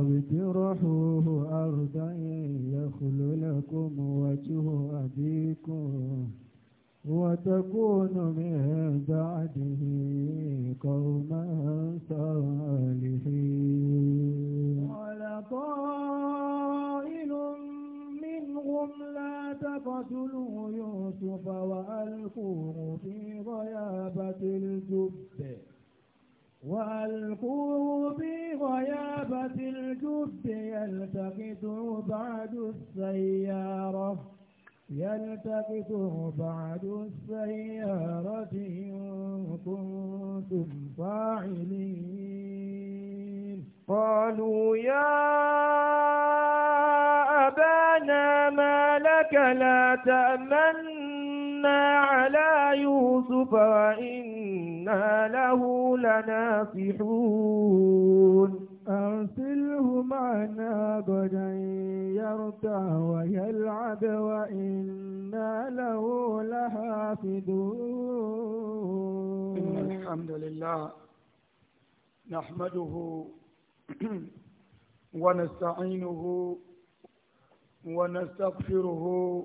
أو اجرحوه أرضا يخل لكم وجه أبيكم وتكون من بعده قوما صالحين قال قائل منهم لا تقتلوا يوسف وألقوه في غيابة الجب وألقوه في غيابة الجب يلتقط بعد السيارة يلتقط بعد السيارة إن كنتم فاعلين قالوا يا أبانا ما لك لا تأمن قَصَصْنَا عَلَى يُوسُفَ وَإِنَّا لَهُ لَنَاصِحُونَ أرسله معنا غدا يرتع ويلعب وإنا له لحافظون إن الحمد لله نحمده ونستعينه ونستغفره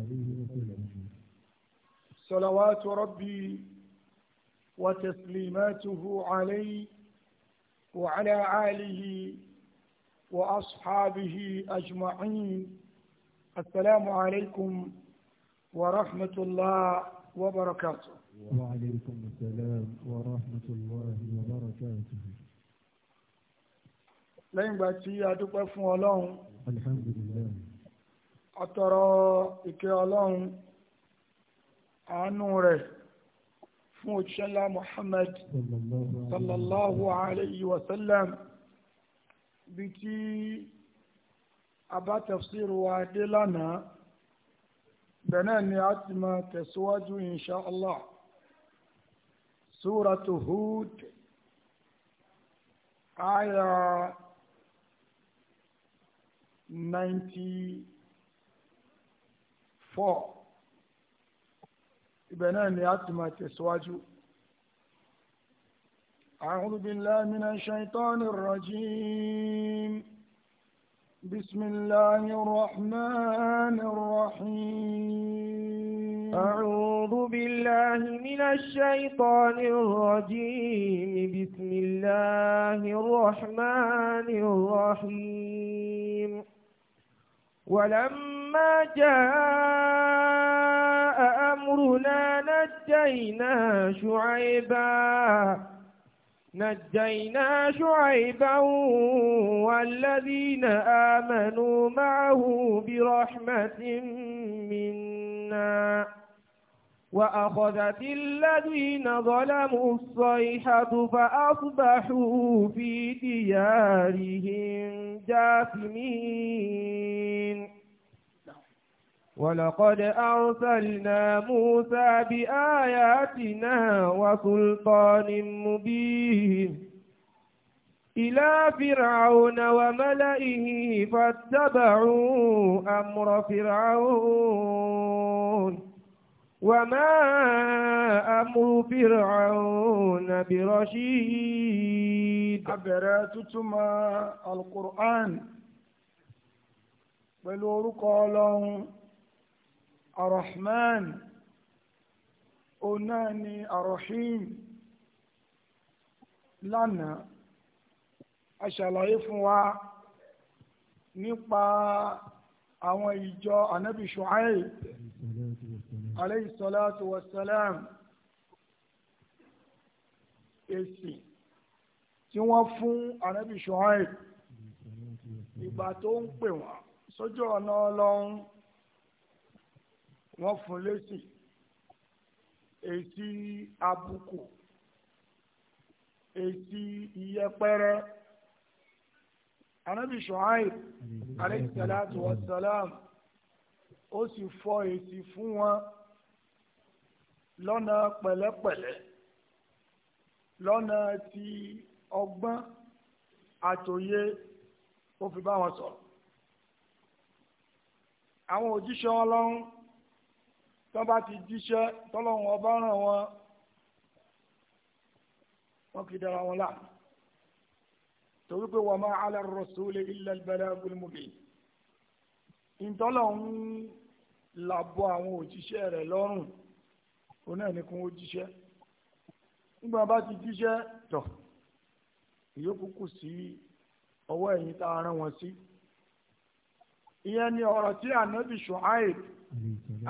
صلوات ربي وتسليماته عليه وعلى آله وأصحابه أجمعين السلام عليكم ورحمة الله وبركاته وعليكم السلام ورحمة الله وبركاته لين باتي tí a dúpẹ́ الحمد لله أترى إكي àánú rẹ̀ fún òṣìṣẹ́lá Muhammad sallallahu alayhi wa sallam bí tí a bá tafsiru wa dé lánàá bẹ́ẹ̀ náà ni a ti máa tẹ̀síwájú insha Allah suratu Hud aya 94 ibẹ̀ náà ni a ti máa tẹ̀síwájú. أعوذ بالله من الشيطان الرجيم بسم الله الرحمن الرحيم أعوذ بالله من الشيطان الرجيم بسم الله الرحمن الرحيم ولما جاء أمرنا نجينا شعيبا نجينا شعيبا والذين آمنوا معه برحمة منا وأخذت الذين ظلموا الصيحة فأصبحوا في ديارهم جاثمين ولقد أرسلنا موسى بآياتنا وسلطان مبين إلى فرعون وملئه فاتبعوا أمر فرعون وما أمر فرعون برشيد أبراتتما القرآن pẹ̀lú orúkọ الرحمن، òun náà لنا، arahim lánàá a ṣàlàyé fún wa nípa àwọn ìjọ anabi shu'aib alayhi salatu wa salam èsì tí wọ́n fún anabi shu'aib ìgbà tó ń pè wọ́n sójú ọ̀nà ọlọ́run wọ́n fún lésì èsì àbùkù èsì iyẹpẹrẹ anabi shuaib alayhi salatu wa salam ó sì fọ èsì fún wọn lọ́nà pẹ̀lẹ́pẹ̀lẹ́ lọ́nà ti ọgbọ́n àtòyé ó fi bá wọn sọ̀rọ̀ àwọn òjíṣẹ́ ọlọ́run tọ́ bá ti jíṣẹ́ tọ́lọ́run ọba ràn wọ́n wọ́n kì í dára wọn láàmú torí pé wa ma ala ar-rasuli illa al-balagul mubin ìtọ́lọ́run làbọ̀ àwọn òjíṣẹ́ rẹ̀ lọ́rùn òun ó jíṣẹ́ nígbà bá ti jíṣẹ́ tọ̀ ìyókù kù sí ọwọ́ ẹ̀yìn tá a rán wọn sí ìyẹn ni ọ̀rọ̀ tí ànábì Ṣuaib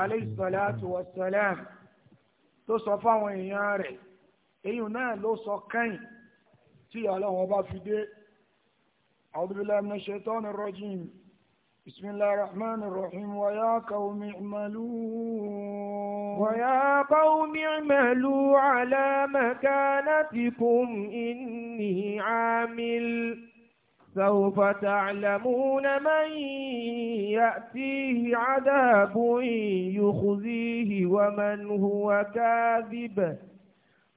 aleyhisalatu wasalam tó sọ fáwọn èèyàn rẹ̀ èyí náà ló sọ kẹ́yìn tí ọlọ́run ọba fi dé a'udhu billahi minash shaitani rrajim bismillahir rahmanir rahim wa ya qaumi i'malu ويا قوم اعملوا على مكانتكم إني عامل سوف تعلمون من يأتيه عذاب يخزيه ومن هو كاذب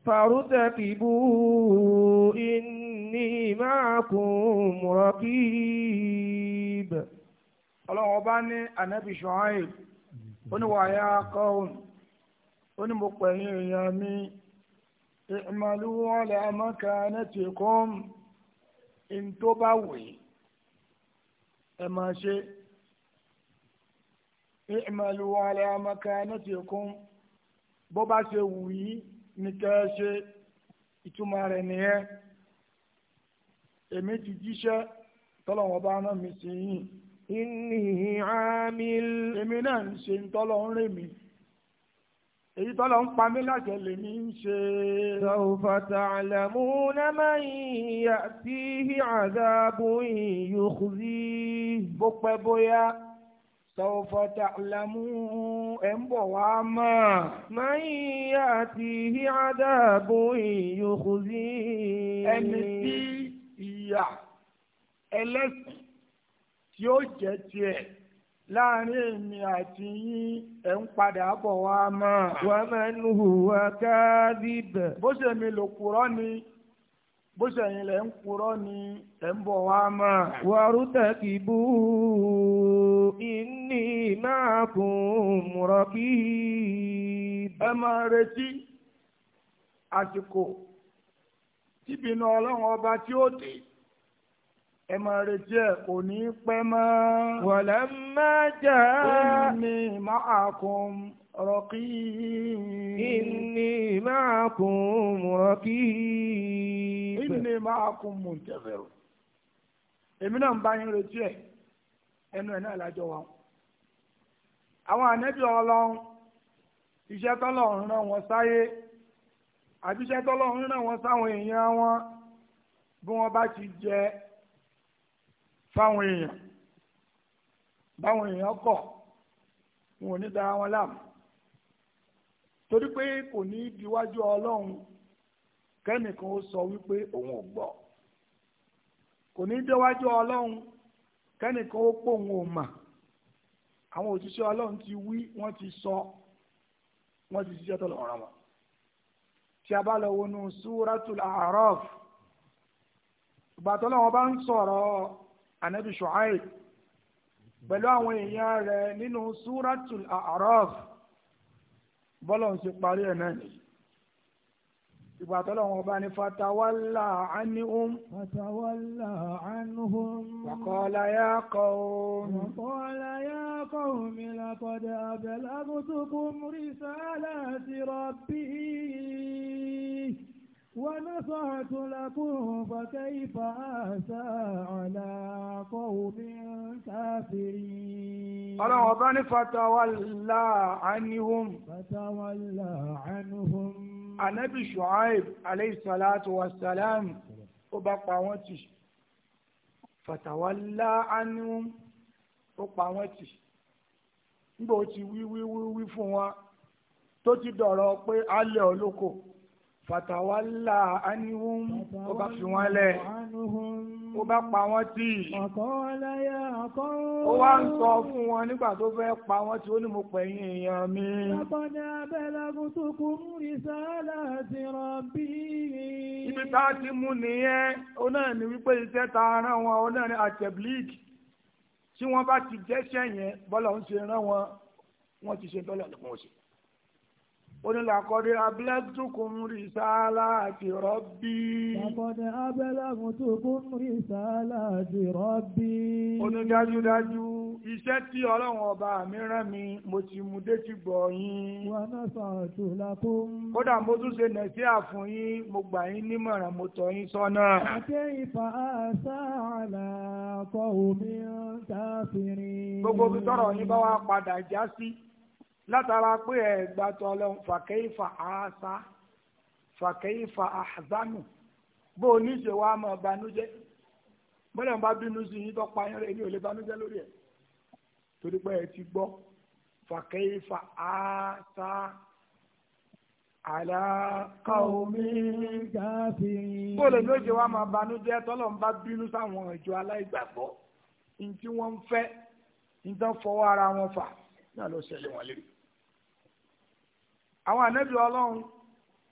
فارتكبوا إني معكم رقيب ọlọ́run ọba ní anabi ṣọ́áìb ó ní wàyà kọ́ọ̀n ó ní mo pẹ̀yìn èèyàn mi ìmàlúwọ́lẹ̀ amákanẹ́tì kọ́ọ̀mù ń tó bá wè é ẹ máa ṣe ẹ máa lu wàhálà amaka náà ti kún bó bá ṣe wù yí ni kẹ́ ṣe ìtumọ̀ rẹ̀ nìyẹn èmi ti jíṣẹ́ tọ́lọ́wọ́n bá rán mi sí yìí. inni amil. èmi náà ń ṣe ń tọ́lọ́ ń rè mí èyí tọ́lọ ń pa mí láṣẹ lèmi ń ṣe. sọ̀fà tààlàmú náà yà sí àdábù yòókùrí. bó pẹ́ bóyá sọ̀fà tààlàmú ẹ̀ ń bọ̀ wá mọ̀. máa yà sí àdábù yòókùrí. ẹni tí ìyà ẹlẹ́sìn tí ó jẹ́ tiẹ̀. láàrin èmi àti yín ẹ̀ ń padà bọ̀ wá mọ́. wọ́n máa ń bó ṣe mi lò ni bó ṣe yín ni ẹ̀ ń bọ̀ wá mọ́. wàrúta kì í bú inni máa kún rọ́kì. ẹ máa retí àsìkò tíbi náà ọlọ́run ọba tí ó ẹ máa retí ẹ kò ní pẹ́ mọ́. wọ̀lẹ́ máa jà á. inni ma'akum rọ̀kì. inni ma'akum rọ̀kì. inni ma'akum muntaziru. èmi náà ń bá yín retí ẹ ẹnu ẹ náà lájọ wa. àwọn ànẹ́bí ọlọ́run iṣẹ́ tọ́lọ́run rán wọn sáyé àbíṣẹ́ tọ́lọ́run rán wọn sáwọn èèyàn wọn bí wọ́n bá ti jẹ fáwọn èèyàn báwọn èèyàn kọ̀ wọn ò ní dara wọn láàmú torí pé kò ní diwájú ọlọ́run kẹ́nìkan ó sọ wípé òun ò gbọ́ kò ní déwájú ọlọ́run kẹ́nìkan ó pò òun ò mà àwọn òṣìṣẹ́ ọlọ́run ti wí wọ́n ti sọ wọ́n ti ṣiṣẹ́ tó lọ́rọ̀ wọn tí a bá lọ wọnú súratul A'raf ìgbà tó lọ́wọ́ bá ń sọ̀rọ̀ anabi shuaib pẹ̀lú àwọn èèyàn rẹ̀ nínú suratul a'raf bọ́lọ̀ ń ṣe parí ẹ̀ náà nìyí ìgbà tó lọ́wọ́ bá ní fatawalla anihum. fatawalla anihum. wàkọ́lá yá kọ́ òun. wàkọ́lá yá kọ́ òun mi làkọ̀dẹ̀ àbẹ̀lágùtùkùn rìsálà ti rọ̀ bíi. ونصحت لكم فكيف آسى على قوم كافرين ọlọ́run ọba ní fatawalla anihum fatawalla anihum anabi shuaib aleyhisalatu wasalam ó bá pa wọ́n tì fatawalla anihum ó pa wọ́n tì nígbà ó ti wí wí wí fún wọn tó ti dọ̀rọ̀ pé alẹ́ olóko fàtàwálà ánìhùn ó bá fi wọ́n lẹ̀ ó bá pa wọ́n tì í ó wá ń sọ fún wọn nígbà tó fẹ́ pa wọ́n tì ó ní mo pẹ̀yìn èèyàn mi. lápọ̀dé abẹ́lẹ́gùn tó kú múri sáálà ti ràn bí. ibi tá a ti mú nìyẹn ó náà ní wípé iṣẹ́ ta rán wọn ó náà ní àtẹ̀blíìkì tí wọ́n bá ti jẹ́ṣẹ́ yẹn bọ́lá ń ṣe rán wọn wọ́n ti ṣe dọ́là lọ́wọ́ ṣe onílàkọ́dé abẹ́lẹ́tukùn rìsáálà àti rọ́bí. làkọ́dé abẹ́lẹ́tukùn rìsáálà àti rọ́bí. onídájúdájú iṣẹ́ tí ọlọ́run ọba mi rán mi mo ti mú dé ti gbọ̀ yín. wọn náà sọ àtò lakún. kódà mo tún ṣe nàìjíríà fún yín mo gbà yín nímọ̀ràn mo tọ́ yín sọ́nà. àti ìfà àṣà àlàkọ̀ omi ń ta fìrí. gbogbo bí tọrọ yín bá wá padà já sí látara pé ẹ̀gbà tó ọlọ́run fàkẹ́yìfà àásá fàkẹ́yìfà àhàzánù bó o níṣe wa máa banújẹ́ bọ́lá bá bínú sí yín tó payán rẹ̀ èmi ò lè banújẹ́ lórí ẹ̀ torí pé ẹ ti gbọ́ fàkẹ́yìfà àásá àlá kàómi gáfìrín. bó o lè ní oṣù wa máa tọ́lọ̀ ń bá bínú sáwọn ìjọ aláìgbàgbọ́ ní tí wọ́n ń fẹ́ ní tí wọ́n fọwọ́ ara wọn fà náà ló ṣẹlẹ̀ wọn àwọn ànábì ọlọ́run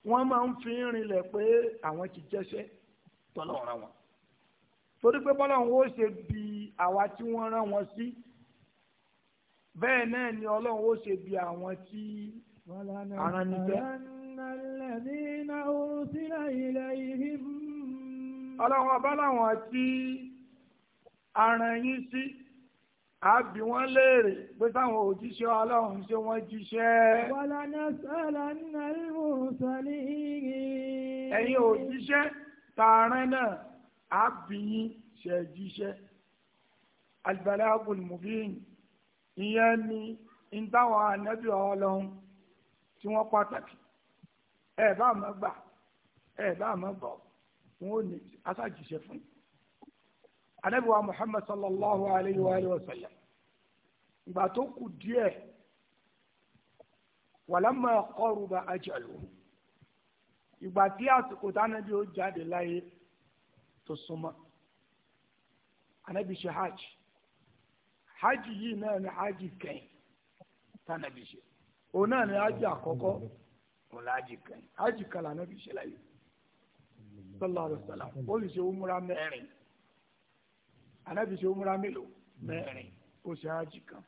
wọ́n máa ń fi rinlẹ̀ pé àwọn ti jẹ́ṣẹ́ tọ́lọ́run ra wọn torí pé bọ́lọ́run ó ṣe bí àwa tí wọ́n rán wọn sí bẹ́ẹ̀ náà ni ọlọ́run ó ṣe bí àwọn tí ara níjẹ́. ọlọ́run ọba láwọn tí ara yín sí a bi wọ́n léèrè pé táwọn òjíṣẹ́ ọlọ́run ṣé wọ́n jíṣẹ́. wàlá náà sọ́la nínú ìwòsànlẹ̀ yìí. ẹ̀yin òjíṣẹ́ tààrán náà a bi yín ṣe jíṣẹ́. albalagul mubin ìyẹn ni ń táwọn ànábì ọlọ́run tí wọ́n pàtàkì ẹ̀ bá àmọ́ gbà ẹ̀ bá àmọ́ gbọ́ wọn ò ní aṣájíṣẹ́ fún yín anabiwa muhammad sallallahu alayhi wa sallam ìgbà tó kù díẹ̀ wàlámà kọrùbà ajalu ìgbà tí àsìkò tánàbí ó jáde láyé tó súnmọ́ anabi ṣe hajj hajj yìí náà ni hajj kẹ́yìn tánàbí ṣe òun náà ni hajj àkọ́kọ́ òun la hajj kẹ́yìn hajj kan lànà bí ṣe láyé sallallahu alayhi wa sallam ó lè anábì ṣe umra mélòó mm. mẹ́rin ó ṣe ájì kan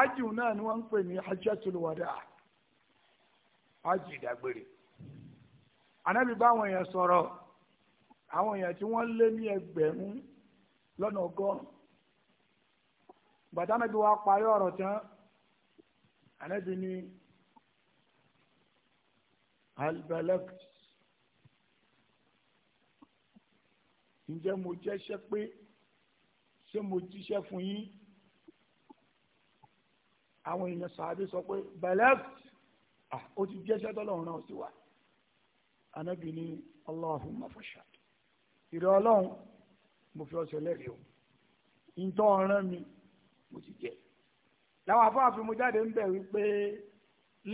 ájì náà ni wọ́n ń pè ní hajjatul wada ájì ìdágbére anábì bá àwọn èèyàn sọ̀rọ̀ àwọn èèyàn tí wọ́n lé ní ẹgbẹ̀rún lọ́nà ọgọ́rùn-ún gbàdánábì wa parí ọ̀rọ̀ tán anábì ní albalakt. ǹjẹ́ mo jẹ́ṣẹ́ pé ṣé mo jíṣẹ́ fún yín àwọn èèyàn sàábé sọ pé bẹ̀lẹ́ft ó ti jẹ́ṣẹ́ tọ́lọ́run náà sí wa anábì ní Allahumma fashhad ìrẹ́ ọlọ́run mo fi ọ̀sẹ̀ lẹ́rìí o ìtọ́ ọ̀ràn mi mo ti jẹ́ láwọn afáàfin mo jáde ń bẹ̀ wípé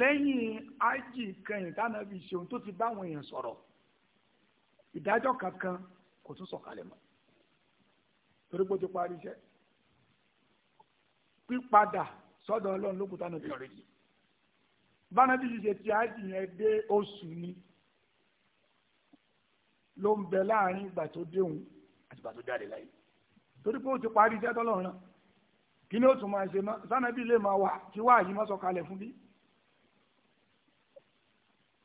lẹ́yìn ájì kẹyìn tánàbì ṣeun tó ti báwọn èèyàn sọ̀rọ̀ ìdájọ́ kankan kò tún sọ̀kalẹ̀ mọ́ torí pé ó ti parí iṣẹ́ pípadà sọ́dọ̀ ọlọ́run ló kú tánà bí ọ̀rẹ́ yìí bánàbí yìí ṣe ti ájì yẹn dé oṣù ni ló ń bẹ láàrin ìgbà tó déhùn àti ìgbà tó jáde láyé torí pé ó ti parí iṣẹ́ tọ́lọ́run náà kí ni ó tún máa ṣe mọ́ sánàbí lè máa wà kí wàá yìí má sọ̀kalẹ̀ fún bí.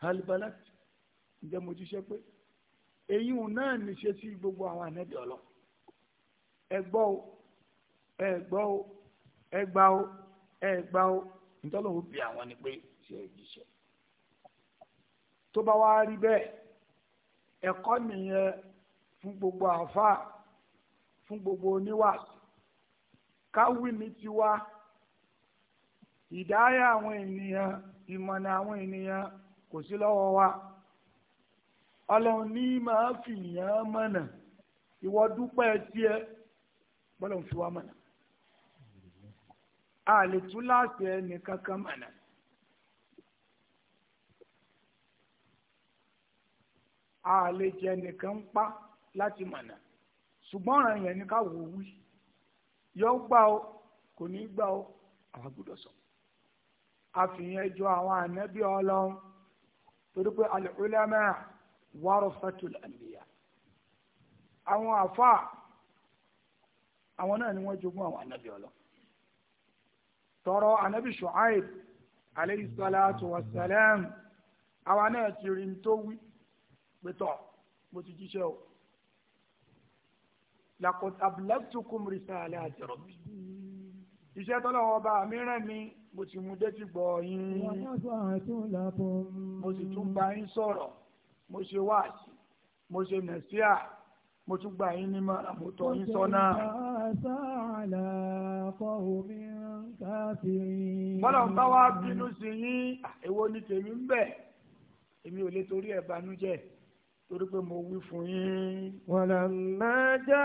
halibalat ǹjẹ́ mo ti ṣe pé. èyí ò náà níṣe sí gbogbo àwọn ànábì ọlọ ẹgbọ́ o ẹgbọ́ o ẹgbà o ẹgbà o ntọ́lọ́wọ́ bí àwọn ni pé ṣe fún gbogbo àáfàá fún gbogbo oníwà káwí ní tiwa ìdáyà àwọn ènìyàn ìmọ̀nà àwọn ènìyàn kò sí lọ́wọ́ wa. ọlọ́run ní máa fi yàn mọ̀nà ìwọ dúpẹ́ tiẹ̀ bọ́lọ̀ ń fi wá mọ̀nà a lè tún láti ẹnì kankan mọ̀nà. a lè jẹ nìkan ń pa láti mọ̀nà ṣùgbọ́n ọ̀ràn yẹn ni ká wò wí yọ gbà ó kò ní gbà ó àwọn gbọ́dọ̀ sọ àfihàn ẹjọ́ àwọn ànábì ọlọ́run warasatul anbiya àwọn àfáà àwọn náà ni wọ́n jogún àwọn ànábì ọlọ́ tọrọ ànábì Shu'aib alayhi salatu wa salam àwọn náà ti rí tó wí pẹ̀tọ̀ mo ti jíṣẹ́ o laqad ablagtukum risalati rabbi iṣẹ́ tọ́lọ́wọ́ bá mìíràn mi mo ti mú dé ti gbọ̀ yín mo sì tún bá yín sọ̀rọ̀ mo ṣe wáàsí mo ṣe nàṣíà mo tún gbà yín ní mọ́ra mo tọ́ yín sọ́nà. bọ́lá ń bá wá bínú sí yín èwo ni tèmi ń bẹ̀ èmi ò lè torí ẹ̀ banújẹ́ torí pé mo wí fún yín. wàlà máa já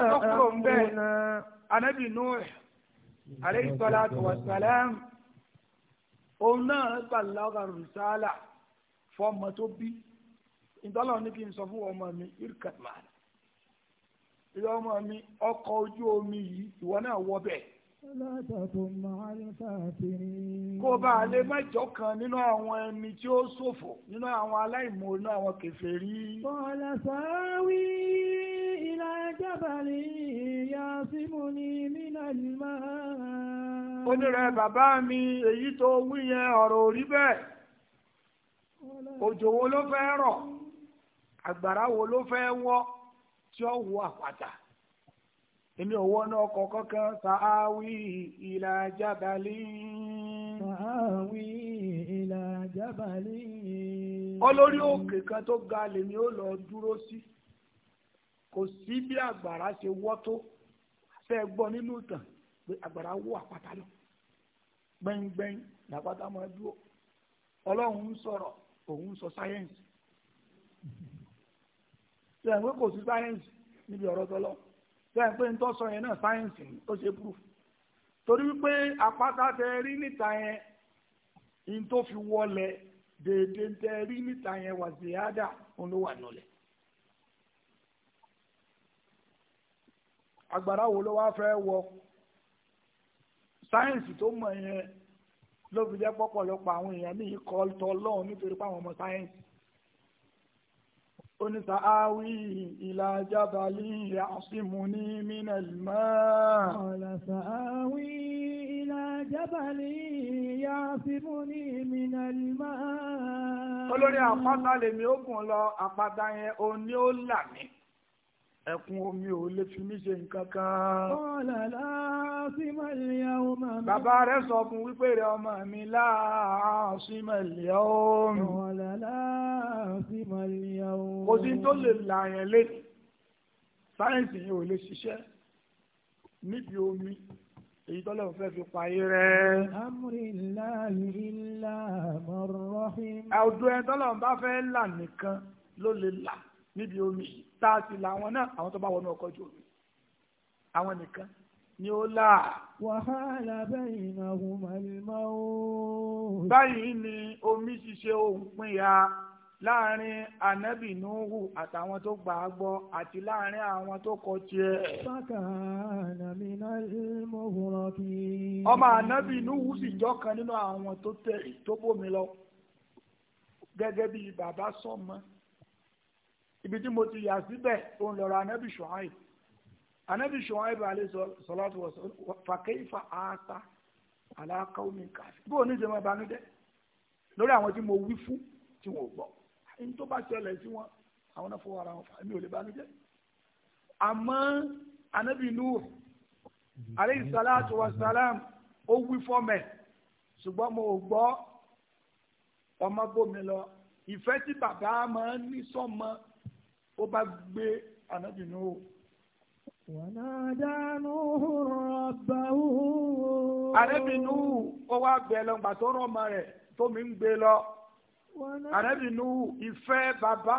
àkókò ń bẹ̀ anábì nù ẹ̀ alayhi salatu wa salam òun náà gbàlágà rìsálà fọmọ tó bí ìdọ́lọ́ ní kí n sọ fún ọmọ mi irkat màá ìyá ọmọ mi ọkọ̀ ojú omi yìí ìwọ náà wọ bẹ́ẹ̀. kó bá a lè má jọ kan nínú àwọn ẹni tí ó ṣòfò nínú àwọn aláìmọ̀ nínú àwọn kèfèrí. bọ́lá sáwí ilá jábàlì ìyá símú ni mínàlì máa. ó bàbá mi èyí tó wí yẹn ọ̀rọ̀ ò bẹ́ẹ̀. òjò wo ló fẹ́ rọ̀ àgbàrá wo ló fẹ́ wọ́ tí ó wọ àpáta èmi ò wọnú ọkọ̀ kankan sàáwì ìlà jábàlì. sàáwì ìlà jábàlì. olórí òkè kan tó ga lèmi ó lọ dúró sí kò sí bí àgbàrá ṣe wọ́ tó gbọ́ nínú ìtàn pé àgbàrá wọ́ lọ gbẹ́ngbẹ́ng máa òun sọ sáyẹ́ǹsì sẹ́yìn pé kò sí sáyẹ́ǹsì níbi ọ̀rọ̀ tọ́lọ́ sẹ́yìn pé ń tọ́ sọ yẹn náà sáyẹ́ǹsì ni ó ṣe proof torí pé àpáta tẹ rí níta yẹn in tó fi wọlẹ̀ dèédé tẹ rí níta yẹn wà ziyada òun ló wà nulẹ̀. àgbàrá wo ló wá fẹ́ wọ sáyẹ́ǹsì tó mọ̀ yẹn ló fi jẹ́ pọ̀pọ̀lọpọ̀ àwọn èèyàn ní ikọ̀ tọ́ lọ́hùn nítorí pé àwọn ọmọ sáyẹ́ǹsì ó ní sàáwí ìlà jábàlì ya'simuni minal maa. ọ̀la sàáwí ìlà jábàlì ya'simuni minal olórí àpáta lèmi ó gùn lọ àpáta yẹn ó ní ó là mí ẹkún omi ò lè fi mí ṣe nǹkan kan. ọ̀làlá sí màlìyà ọmọ mi. bàbá rẹ̀ sọ fún wípé rẹ̀ ọmọ mi láàá sí màlìyà ọmọ. ọ̀làlá sí màlìyà ọmọ. kò sí tó lè là yẹn lé sáyẹ́ǹsì yẹn ò lè ṣiṣẹ́ níbi omi èyí tọ́lọ́ fẹ́ fi payé rẹ̀. amúrìláyé ilá mọ̀rọ́hìn. ọdún ẹ̀ tọ́lọ́ bá fẹ́ là nìkan ló lè là níbi omi yìí tá a sì làwọn náà àwọn tó bá wọnú ọkọ̀ ojú omi àwọn nìkan ni ó là. wàhálà bẹ́yìn náà hùn màlímọ́ o. báyìí ni omi ṣíṣe ohun pínyà láàrin anabi nuhu àtàwọn tó gbà á gbọ́ àti láàrin àwọn tó kọ tiẹ̀. bákan àmìnà ilmu rọ̀bì. ọmọ anabi nuhu sì jọ́kan nínú àwọn tó tẹ̀ tó bómi lọ gẹ́gẹ́ bí bàbá sọ́mọ. So ibi tí mo ti yà síbẹ̀ òun lọ́rọ̀ anábì ṣùháì anábì ṣùháì bá alẹ́ sọlọ́tù fàkẹ́yìfà àásá aláàkọ́wọ́mí káfí bó o ní ìṣẹ́ máa banújẹ́ lórí àwọn tí mo wí fún tí wọn ò gbọ́ ẹni tó bá ṣẹlẹ̀ sí wọn àwọn náà fọwọ́ ara wọn fà mí ò lè banújẹ́ àmọ́ anábì Nuh alẹ́ sọlọ́tù wasalam ó wí fọ́mẹ̀ ṣùgbọ́n mo ò gbọ́ ọmọ bómi lọ ìfẹ́ tí bàbá máa ń ní sọ́mọ ó bá gbé ànábì nù. wànádà nù rọ̀bà wù. ànábì nù ó wá gbẹ lọ gbà tó rọ̀ ọmọ rẹ̀ tómi ń gbé lọ. ànábì nù ìfẹ́ bàbá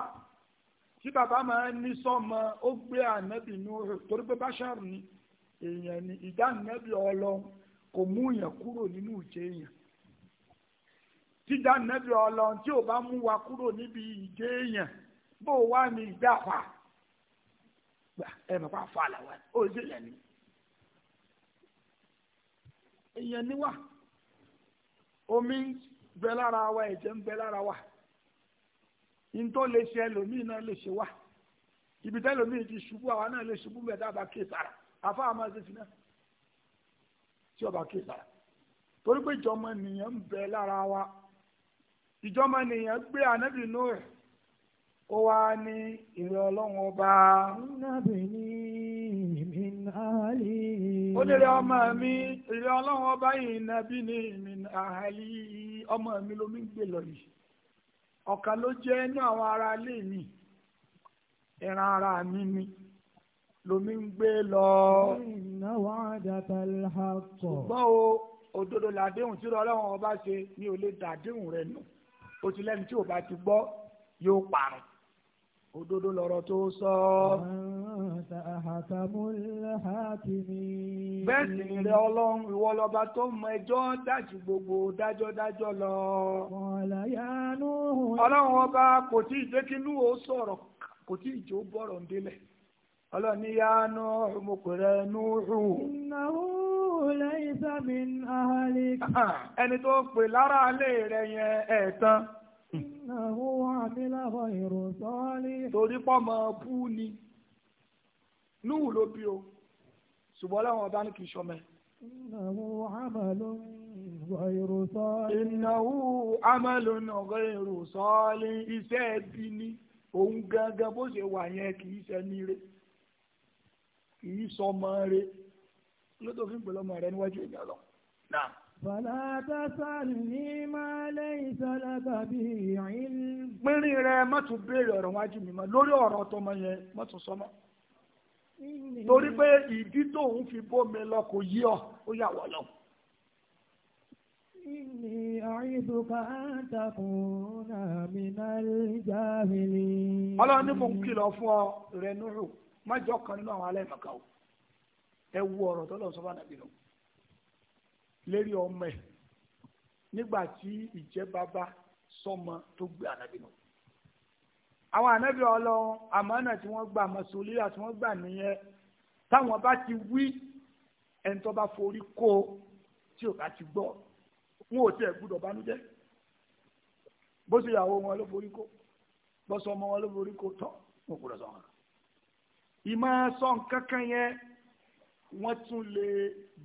tí bàbá máa ní sọ́mọ ó gbé ànábì nù torí pé báṣárù ni èèyàn ni ìdá ànábì ọlọ́run kò mú èèyàn kúrò nínú ìjẹ́ èèyàn tíjà nẹ́bí ọlọ́run tí ò bá mú wa kúrò níbi ìjẹ́ èèyàn bó o wá ní ìdáfà gbà ẹ bàbá fà làwà ó ṣe yẹn ni èèyàn omi ń bẹ lára wa ẹ̀jẹ̀ ń bẹ lára wa ntọ́ lè ṣe ẹlòmíì náà lè ṣe wá ibi tẹ́ ẹlòmíì ti ṣubú àwa náà lè ṣubú bẹ́ẹ̀ dábàá kí sara àfa àmọ́ ṣe sinẹ́ tí ọba kí sara torí pé ìjọmọ nìyẹn ń bẹ lára wa ìjọmọ nìyẹn gbé ànábì nù rẹ̀ ó wá ní ìrẹ ọlọ́run ọba. nábìíní mi náà lè. ó lérè ọmọ mi ìrẹ ọlọ́run ọba yìí nábìíní mi náà lè ọmọ mi lomi ń gbé lọ yìí ọ̀kan ló jẹ́ inú àwọn ará ilé mi ìran ara mi ni lomi ń gbé lọ. ṣùgbọ́n o òdodo làdéhùn tí ọlọ́run ọba ṣe ni ò lè dàdéhùn rẹ̀ nù o ti lẹ́nu tí o bá ti gbọ́ yóò parun òdodo lọ̀rọ̀ tó sọ. bẹ́ẹ̀ sì ni rẹ ọlọ́run ìwọ lọ́ba tó mọ ẹjọ́ dájú gbogbo dájọ́dájọ́ lọ. ọlọ́run ọba kò tí ì jẹ́ kí sọ̀rọ̀ kò tí ì jó bọ̀rọ̀ ń délẹ̀ ọlọ́ni yá ọmọkùnrin nú rú. ẹni tó pè lára alẹ́ rẹ̀ yẹn ẹ̀ẹ̀tàn ìnáwó àfíláfọ́ èrò sọ́ọ́lì. torí pọ́mọ bú ni núhù ló bí o ṣùgbọ́n láwọn ọba ní kì í ṣọmẹ. ìnáwó àmàlò ìwà èrò sọ́ọ́lì. ìnáwó àmàlò ìwà èrò sọ́ọ́lì iṣẹ́ ẹbí ni òun gangan bó ṣe wà yẹn kì í ṣe níre kì í sọmọ re lótò fún ìpèlọmọ rẹ níwájú ìgbà lọ náà. Fàlá tásàlì máa lẹ́yìn sálábà bí ìrìn. Pínrín rẹ má tún béèrè ọ̀rọ̀ wájú mi mọ́ lórí ọ̀rọ̀ tọmọ yẹn má tún sọ mọ́. Torí pé ìdí tóun fi bómi lọ kò yí ọ, ó yà wọ́ lọ. Ìní àìdùkà àtàkùn àmì náà jáhìlì. Ọlọ́run ní mo ń kìlọ̀ fún ọ rẹ̀ nùrù, má jọ kan nínú àwọn alẹ́ màkà o. Ẹ wo ọ̀rọ̀ tó lọ sọ́fà lérí ọmọ ẹ̀ nígbà tí ìjẹ́ bàbá sọmọ tó gbé ànábì nù. àwọn ànábì ọlọ́run àmọ́nà tí wọ́n gbà mọ̀sọ́lẹ́yà tí wọ́n gbà nìyẹn táwọn bá ti wí ẹni tó bá forí kó tí ò bá ti gbọ́ wọn ò tiẹ̀ gbúdọ̀ bánújẹ́ bó ṣe yàwó wọn ló forí kó bó ṣe ọmọ wọn ló forí kó tán wọn kò lọ sọ wọn. ìmọ̀ sọ nǹkan kan yẹn wọ́n tún lè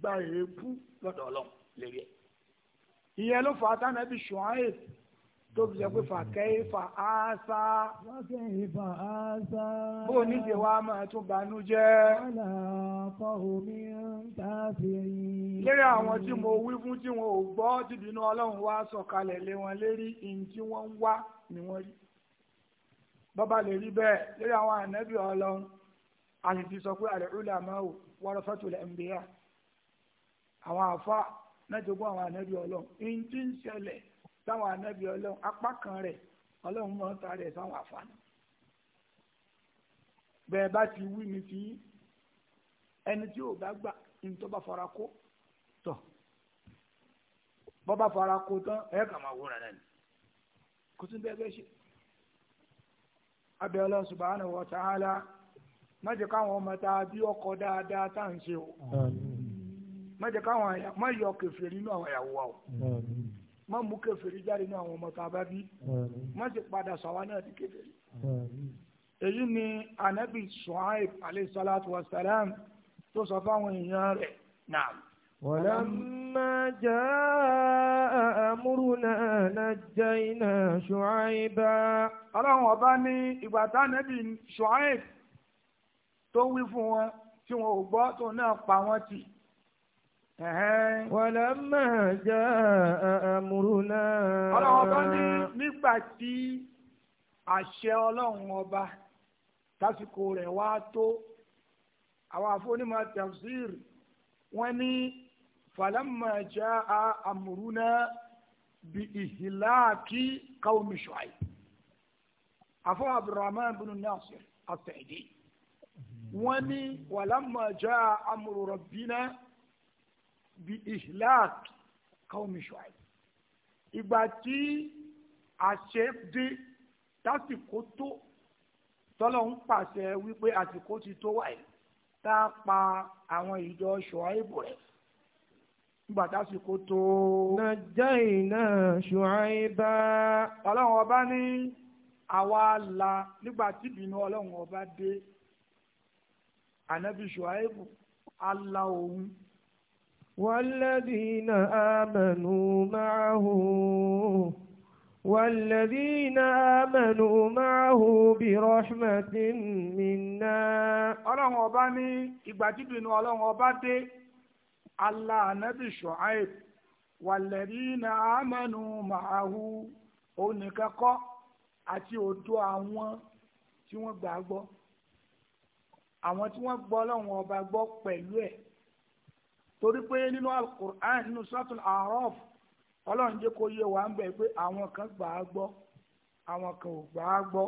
gba èébú lọ́dọ̀ ọlọ́run lérí ẹ̀. ìyẹn ló fà á tánàbí ṣùáìb tó fi sọ pé fàkẹ́ fà á sá. fàkẹ́ fà á sá. bó o níṣe wa máa tún banú jẹ́. wàhálà kọ́ omi ń ta sí i. lérí àwọn tí mo wí fún tí wọn ò gbọ́ tìbínú ọlọ́run wá sọ̀kalẹ̀ lé wọn lérí ìyìn tí wọ́n ń wá ni wọ́n rí. bọ́ba lè rí bẹ́ẹ̀ lérí àwọn ànábì ọlọ́run a sì ti sọ pé al-ulamau warasatul anbiya àwọn àfa náà ti kó àwọn ànábì ọlọ́run ń tí ń ṣẹlẹ̀ táwọn ànábì ọlọ́run apá kan rẹ̀ ọlọ́run máa ń ta rẹ̀ sáwọn àfa náà bẹ́ẹ̀ bá ti wí ni ti ẹni tí ò bá gbà ní tó bá fara kó tọ̀ bọ́ bá fara kó tán ẹ̀ kà máa wúra náà kò tún bẹ́ẹ̀ bẹ́ẹ̀ ṣe abẹ́ ọlọ́run subhanahu wa ta'ala má jẹ́ káwọn ọmọ tá a bí ọkọ dáadáa tá à ń ṣe o má jẹ́ káwọn má yọ kẹfìrí nínú àwọn ìyàwó wa o má mú kẹfìrí jáde nínú àwọn ọmọ tá a bá bí má sì padà sàwa náà di kẹfìrí. èyí ni anabi Shuaib alayhi salatu wa salam tó sọ fáwọn èèyàn rẹ̀ náà. ولما جاء أمرنا نجينا شعيبا. ọlọ́run ọba ní نبي شعيب tó wí fún wọn tí wọn ò gbọ́ tó náà pa wọ́n tì. Wàlámà já àmúrúná. Ọlọ́run ọba ní nígbà tí àṣẹ ọlọ́run ọba tásìkò rẹ̀ wá tó àwọn àfọ́nímọ̀ tafsir wọ́n ní fàlámà já àmúrúná bí ìhìláàkí káwọn mìṣọ́ àyè. Àfọ́ Abdulrahman bin Nasir Asẹ̀dí wọ́n ní wàlámà já amru rabbina bí ihlak qaumi Shu'aib ìgbà tí àṣẹ dé tásìkò tó tọ́lọ̀ ń pàṣẹ wípé àsìkò ti tó wáyé tá a pa àwọn ìjọ Shu'aib rẹ̀ nígbà tásìkò tó. najjayna Shu'aiba. ọlọ́run ọba ní àwa la nígbà tí ìbínú ọlọ́run ọba dé ànábì ṣùáìbù ala òun. والذين آمنوا معه والذين آمنوا معه برحمة منا ọlọ́run ọba ní ìgbà tí ìbínú ọlọ́run ọba dé ala ànábì ṣùáìbù wàlẹ̀rínà àmọ́nù màáhù òun nìkan kọ́ àti ọ̀dọ̀ àwọn tí wọ́n gbà gbọ́ àwọn tí wọ́n gbọ́ ọlọ́run ọba gbọ́ pẹ̀lú ẹ̀ torí pé nínú alukur'an nínú suratul araf ọlọ́run jẹ́ kó yé wa ń bẹ̀ pé àwọn kan gbà á gbọ́ àwọn kan ò gbà á gbọ́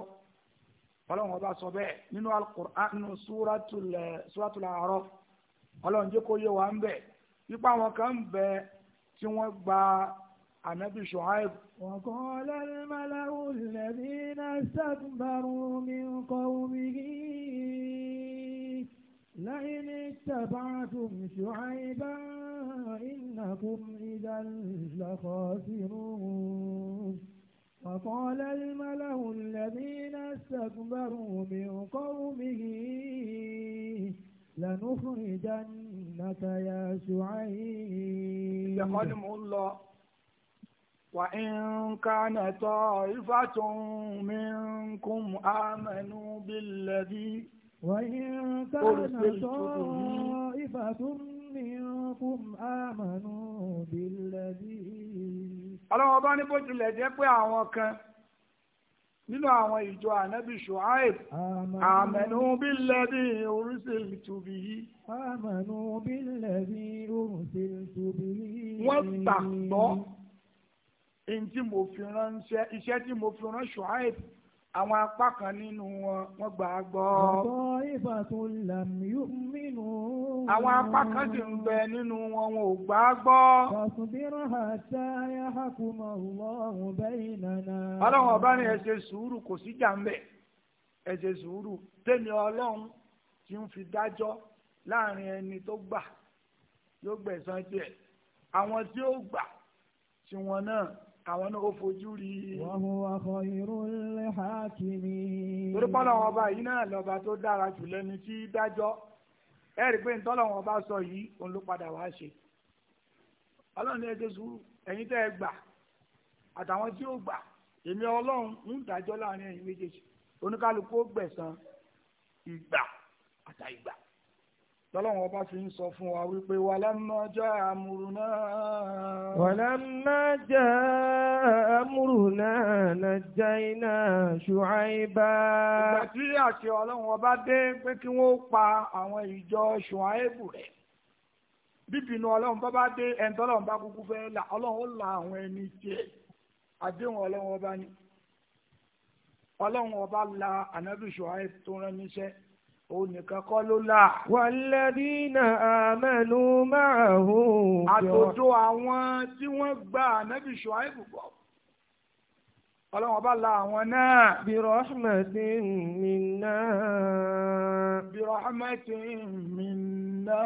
ọlọ́run ọba sọ bẹ́ẹ̀ nínú alukur'an nínú suratul eh, suratul araf ọlọ́run kó yé wa ń bẹ̀ ipa àwọn kan ń bẹ tí wọ́n gba anabi shuaib. وقال الملأ الذين استكبروا من قومه لئن اتبعتم شعيبا إنكم إذا لخاسرون فقال الملأ الذين استكبروا من قومه لنخرجنك يا شعيب يقدم الله وإن كان طائفة منكم آمنوا بالذي وإن كان طائفة منكم آمنوا بالذي ọlọ́wọ́ bá ní bó tilẹ̀ jẹ́ pé àwọn kan nínú àwọn ìjọ ànábì ṣùháìb àmẹ̀nù bílẹ̀bí oríṣiríṣi tùbí yìí. àmẹ̀nù bílẹ̀bí oríṣiríṣi tùbí yìí. wọ́n gbàgbọ́ ẹni tí mo fi ránṣẹ́ iṣẹ́ tí mo fi rán ṣùháìb àwọn apá kan nínú wọn wọ́n gbà á gbọ́. ọ̀pọ̀ ìbá tó làmì mínú. àwọn apá kan sì ń bẹ nínú wọn wọn ò gbà á gbọ́. fàṣùbíràn àti ayáhàkùmọ̀ ọlọ́run bẹ́yìn nànà. ọlọ́run ọba ni ẹ sùúrù kò sí jà ń bẹ̀ ẹ sùúrù tèmi ọlọ́run tí ń fi dájọ́ láàrin ẹni tó gbà yóò gbẹ̀san tiẹ̀ àwọn tí ó gbà tiwọn náà àwọn náà ó fojú rí i. wa huwa khairul hakimin. torí pọ́lọ́ wọn bá yìí náà lọ́ba tó dára jù lẹ́ni tí dájọ́ ẹ rí i pé ntọ́lọ́ wọn bá sọ yìí òun ló padà wá ṣe. ọlọ́run ẹ jésù ẹ̀yin tẹ́ ẹ gbà àtàwọn tí ó gbà èmi ọlọ́run ń dájọ́ láàrin ẹ̀yin méjèèjì oníkálukú ó gbẹ̀san ìgbà àtàìgbà tọ́lọ́wọ́n bá fi ń sọ fún wa wípé wà lámà já àmúrù náà wà lámà já àmúrù náà na já iná ṣùháìbá ìgbà tí àti ọlọ́wọ́n bá dé pé kí wọ́n pa àwọn ìjọ ṣùháìbù rẹ̀ bíbínú ọlọ́run bá bá dé ẹni bá kúkú fẹ́ là ọlọ́run la àwọn ẹni tiẹ̀ àdéhùn ọlọ́run ọba ni ọlọ́run ọba la ànábì ṣùháìbù tó rán níṣẹ́ onìkan kọ́ ló là. wàlẹ́dínà àmẹ́nu máàhù. àtòjò àwọn tí wọ́n gba ànábì ṣùáìbù bọ̀. ọlọ́run ọba la àwọn náà. birahmatin minna. birahmatin minna.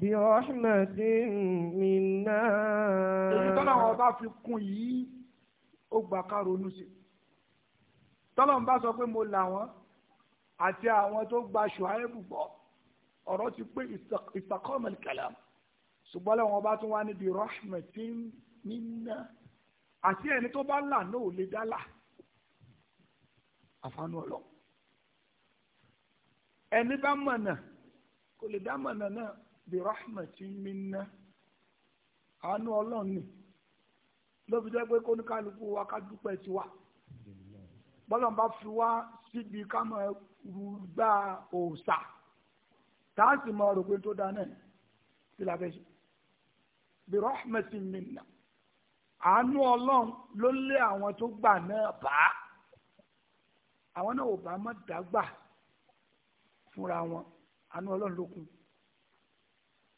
birahmatin minna. èyí tọ́lọ́run ọba fi kún yìí ó gbà ká ronú sí. tọ́lọ́run bá sọ pé mo là wọ́n àti àwọn tó gba ṣùháìbù gbọ́ ọ̀rọ̀ ti pé ìsàkọ́mọ̀lì kalam ṣùgbọ́n lẹ́wọ̀n bá tún wá níbi rahmatin minna àti ẹni tó bá là náà ò lè dá là àfánú ọlọ ẹni bá mọ̀nà kò lè dá mọ̀nà náà bí rahmatin minna àánú ọlọ́ọ̀ni ló jẹ́ pé kóníkàlùkù wa ká dúpẹ́ tiwa bọ́lọ̀n bá fi wá síbi ká máa ru gbá òòṣà tá a sì máa rò pé tó dáa náà sí la fẹ́ ṣe bí rahmatin minna àánú ọlọ́run ló lé àwọn tó gbà náà bá àwọn náà ò bá má dàgbà fúnra wọn àánú ọlọ́run ló kún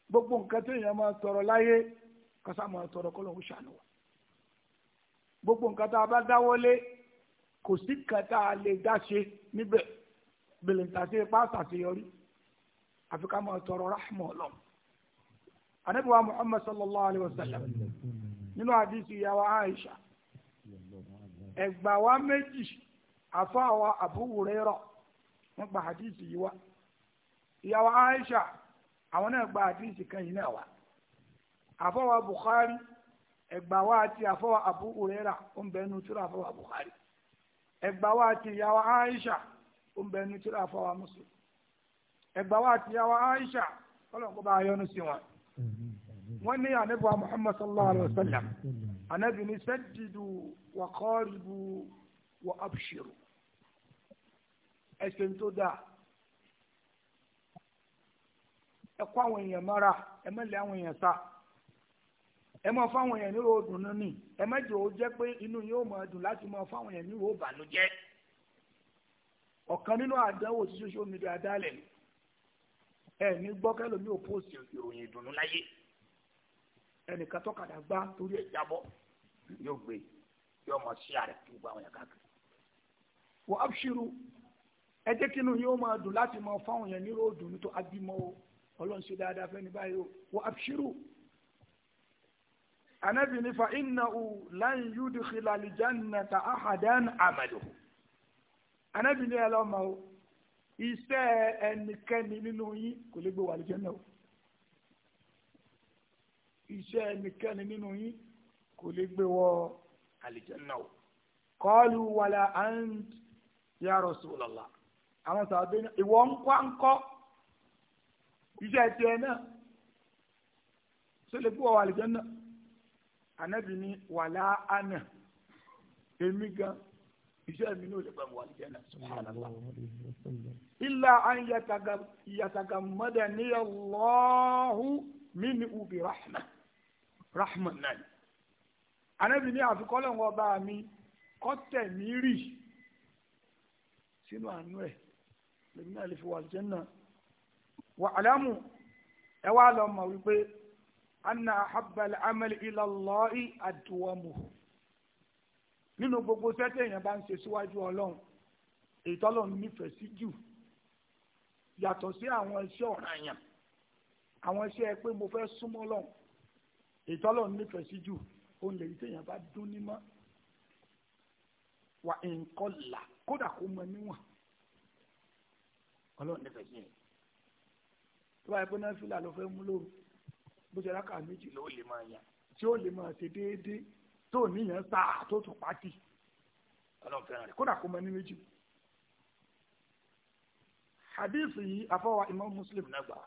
gbogbo nǹkan tó yẹn máa tọrọ láyé kásá máa tọrọ kọlọ́hún ṣàánú wa gbogbo nǹkan tá a bá dáwọ́lé kò sí kẹta lè dá ṣe níbẹ̀ gbèlèntàṣe pàṣà ṣèyọrí àfi ká máa tọrọ rahmọ lọ. anabi wa muhammad sallallahu alayhi wa sallam nínú àdìsí ìyá wa aisha ẹgbà wa méjì afa wa abu hurairah wọn gba àdìsí yìí wa ìyá wa aisha àwọn náà gba àdìsí kan yìí náà wa afa wa bukhari ẹgbà wa àti afa wa abu hurairah ó ń bẹnu tura afa wa bukhari ẹgbà wa àti ìyàwó Aisha ó ń bẹnu tí ra fọwọ́ Muslim ẹgbà wa àti ìyàwó Aisha ọlọ́run kó bá yọ́nú sí wọn. wọ́n ní anabi wa Muhammad sallallahu alayhi wa sallam anabi ní saddidu wa qaribu wa abshiru ẹsẹ̀ tó dáa ẹ kó àwọn èèyàn mọ́ra ẹ mẹ́lẹ̀ àwọn èèyàn sá ẹ máa fáwọn èèyàn nírò dùnú ni ẹ má jẹ́ ó jẹ́ pé inú yóò máa dùn láti máa fáwọn èèyàn nírò ìbànújẹ́ ọ̀kan nínú àdánwò tí social media dálẹ̀ ni ẹ ní gbọ́kẹ́ lómi ò post ìròyìn ìdùnnú láyé ẹnìkan tọ́kadà gbá torí ẹ̀ jábọ́ yóò gbé yóò máa ṣí àrẹ tó gba àwọn èèyàn káàkiri wọ́n á ṣírú ẹ jẹ́ kí inú yóò máa dùn láti máa fáwọn èèyàn nírò dùnú tó abímọ́ ọlọ́run ṣe dáadáa fẹ́ni báyìí wọ́n á ṣírú anabi ní fa innahu lan yudkhila aljannata ahadan amaluhu anabi ní ẹlọ́mọ o iṣẹ́ ẹnikẹ́ni nínú yín kò lè gbé wà àlùjánnà o iṣẹ́ ẹnikẹ́ni nínú yín kò lè gbé wọ àlùjánnà o qalu wala ant ya rasulallah àwọn sàbẹ̀ náà ìwọ ńkọ́ ńkọ́ iṣẹ́ tiẹ̀ náà ṣe lè gbé wà àlùjánnà anabi ni wàlá àná èmi gan iṣẹ́ mi ní olùgbà wà ní jẹ́nà subhanallah. ilà an yàtàgà mọ́dà ní ọlọ́hu mímí ubi rahma rahma náà anabi ni àfikọ́lẹ̀ ń wọ́n bá mi kọ́tẹ̀ mi rì sínú àánú ẹ̀ lèmi náà lè fi wà ní jẹ́nà wà ẹ wá lọ mọ̀ wípé anna ahabbal amal ila Allahi adwamuhu nínú gbogbo sẹ́tẹ̀ èèyàn bá ń ṣe síwájú ọlọ́run èyí tọ́lọ́run nífẹ̀ẹ́ sí jù yàtọ̀ sí àwọn iṣẹ́ ọ̀ranyàn àwọn iṣẹ́ pé mo fẹ́ súnmọ́ lọ́hùn èyí tọ́lọ́run nífẹ̀ẹ́ sí jù òun lèyí téèyàn bá dún ní mọ́ wà nǹkan là kódà kó mọ níwọ̀n ọlọ́run nífẹ̀ẹ́ sí yẹn tó bá yẹ pé náà fìlà ló fẹ́ mú lóru bó ṣe rákà méjì ló lè máa yàn tí ó lè máa ṣe déédéé tó níyàn sáà tó pàtì ọlọ́run fẹ́ràn rẹ̀ kódà kó máa ní méjì. hadith yìí afọwà imam muslim náà gbà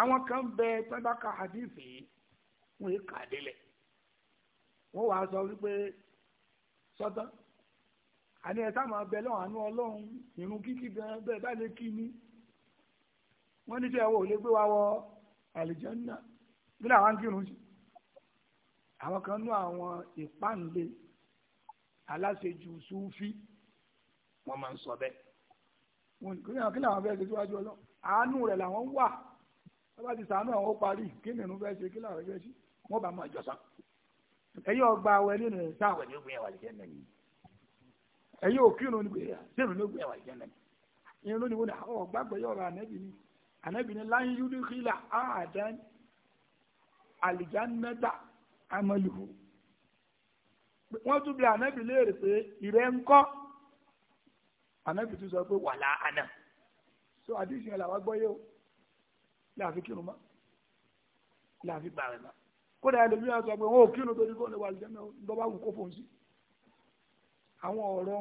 àwọn kan bẹ tọ́gbàkà hadith yìí wọ́n yìí kà délẹ̀ wàá sọ wípé àní sáà máa bẹ lọ́wọ́ àánú ọlọ́run kíkí gan bẹ́ẹ̀ bá lè kí ni wọ́n àlìjánná bí làwọn ń kírun sí àwọn kan nú àwọn ìpáǹlé aláṣejù súfí wọn máa ń sọ bẹ́ẹ̀ wọn kí làwọn kí làwọn fẹ́ẹ́ ṣe síwájú Ọlọ́run àánú rẹ̀ làwọn wà wọn bá ti sàánú àwọn ó parí kí nìyẹn fẹ́ẹ́ ṣe kí làwọn fẹ́ẹ́ ṣe wọn bá máa jọsán ẹyẹ ọgbà awẹ nínú ẹ sáwẹ ní ogun yẹn wà lìjẹ nàní ẹyẹ òkírun ní yà sẹrù ní ogun yẹn wà lìjẹ nàní irun ni wọn àwọn ọgbàgbọ yọrọ ànẹbí ni anabi ni lan yudkhila ahadan aljannata amaluhu wọ́n tún bí anabi léèrè pé ìrẹ́ ń kọ́ anabi tún sọ pé wàlá àná so àdìsí yẹn làwọn gbọ́ yé o láàfin kírun mọ́ láàfin gbàrẹ̀ mọ́ kódà ẹlòmíràn sọ pé wọn ò kírun torí kó lè wà lùjẹ́ náà lọ́ba wù kó fòun sí àwọn ọ̀rọ̀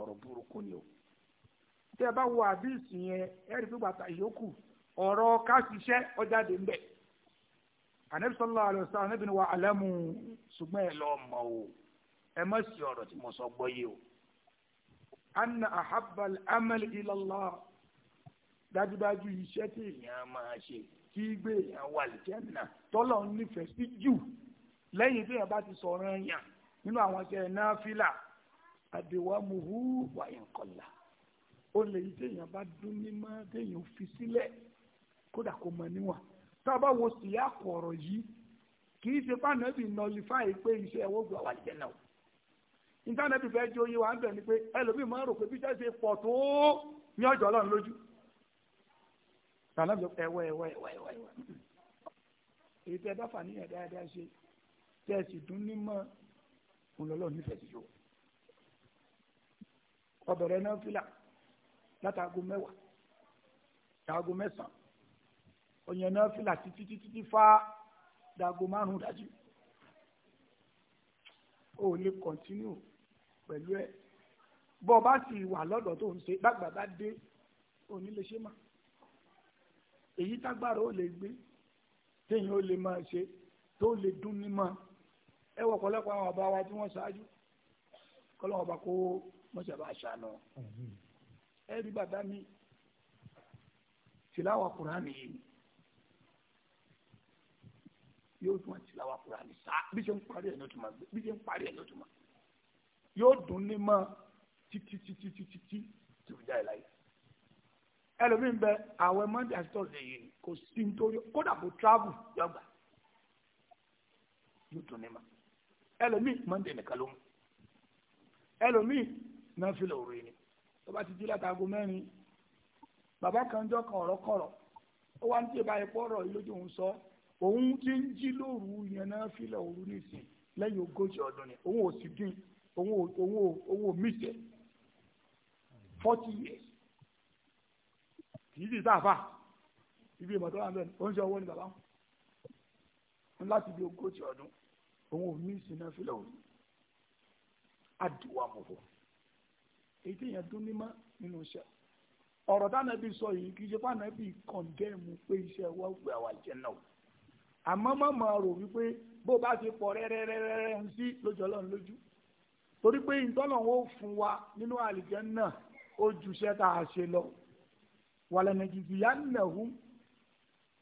ọ̀rọ̀ burúkú ni o tẹ́ ẹ bá wo àdìsí yẹn ẹ rí fún bàtà ìyókù ọ̀rọ̀ ká ṣiṣẹ́ ọjáde ń bẹ anabi sallallahu alayhi wa sallam anabi ni wa alamu ṣùgbọ́n ẹ lọ́ọ́ mọ̀ o ẹ má sí ọ̀rọ̀ tí mo sọ gbọ́ yìí o anna ahabbal amal ilallah dájúdájú iṣẹ́ tí èèyàn máa ṣe kí gbé èèyàn wà lìjẹ́nà tọ́lọ̀ ń nífẹ̀ẹ́ sí jù lẹ́yìn tí èèyàn bá ti sọ̀rọ̀ yàn nínú àwọn iṣẹ́ náfìlà àdéhùn amúhú wàyẹ̀ńkọ̀lá ó lè yí téèyàn bá dún mímọ́ téèyàn fi sílẹ̀ kódà kó mọ níwọ̀n tá a bá wo síyá kọ̀ọ̀rọ̀ yìí kì í ṣe fánàbì nọlifáì pé iṣẹ́ ẹ̀wọ́ gbọ́ wà lẹ́nà o ìtànẹ́bì fẹ́ jó yín wà ń bẹ̀ ni pé ẹlòmíì máa ń rò pé bí jẹ́ ṣe pọ̀ tó ní ọjọ́ ọlọ́run lójú tànàbì ẹ̀wọ̀ ẹ̀wọ̀ ẹ̀wọ̀ ẹ̀wọ̀ ẹ̀wọ̀ èyí tẹ́ bá fà níyàn dáadáa ṣe tẹ́ ẹ sì dún nímọ̀ òun lọ́lọ́run nífẹ̀ẹ́ sí yòó ọbẹ̀rẹ̀ náà fìlà látàgò mẹ́wàá dàgò mẹ́sàn-án ọ̀yàn náà fìlà títí títí fá dàgò márùn-ún dájú o lè kọ̀ntínú pẹ̀lú ẹ̀ bọ́ ọ bá sì wà lọ́dọ̀ tó ń ṣe gbàgbà bá dé òní lè ṣe mà èyí tágbára ó lè gbé téèyàn ó lè máa ṣe tó lè dún ní mọ́ ẹ wọ ọ̀pọ̀lọpọ̀ àwọn ọba wa tí wọ́n ṣáájú kọ́lọ́wọ́n ọba kó mọ̀ṣẹ́ bá ṣàánú ẹ̀rí bàbá mi tìláwà kùránì yìí yóò tún tìláwà kùránì sá bí ṣe ń parí ẹ̀ lọ́tùmá bí ṣe ń parí ẹ̀ lọ́tùmá yóò dùn ní mọ́ títí títí títí tí tó fi já ẹ̀ láyé ẹlòmíín bẹ àwọn monday àti thursday yìí kò sí nítorí kódà kò travel yọgbà yóò dùn ní mọ́ ẹlòmíín monday nìkan ló mú ẹlòmíín náà fi lè rò yìí tó bá ti jí látago mẹ́rin bàbá kan jọ kan ọ̀rọ̀ kọ̀rọ̀ ó wá ní tí ìbá epo ọ̀rọ̀ yìí lójú òun sọ òun ti ń jí lóru yẹn náà fílẹ̀ òru nìsín lẹ́yìn ogójì ọdún ni òun ò sì dín òun ò òun ò òun ò mìtẹ̀ forty years kì í sì sáfà ibi ìmọ̀ tó wà bẹ́ẹ̀ ó ń ṣe ọwọ́ ní bàbá wọn láti bí ogójì ọdún òun ò mí náà fílẹ̀ òru àdìwà mọ̀fọ́ èyí tí èèyàn tún ní mọ́ nínú iṣẹ́ ọ̀rọ̀ tánàbí sọ yìí kì í ṣe fánàbí kọ̀ǹdẹ́ẹ̀mù pé iṣẹ́ wa gbé àwa jẹ náà àmọ́ má máa rò wípé bó bá ti pọ̀ rẹ́rẹ́rẹ́rẹ́ ń sí lójú ọlọ́run lójú torí pé ìtọ́lọ́run ó fún wa nínú àlìjẹ́ náà ó ju iṣẹ́ tá a ṣe lọ wàlẹ́nàjìjì yá nàhú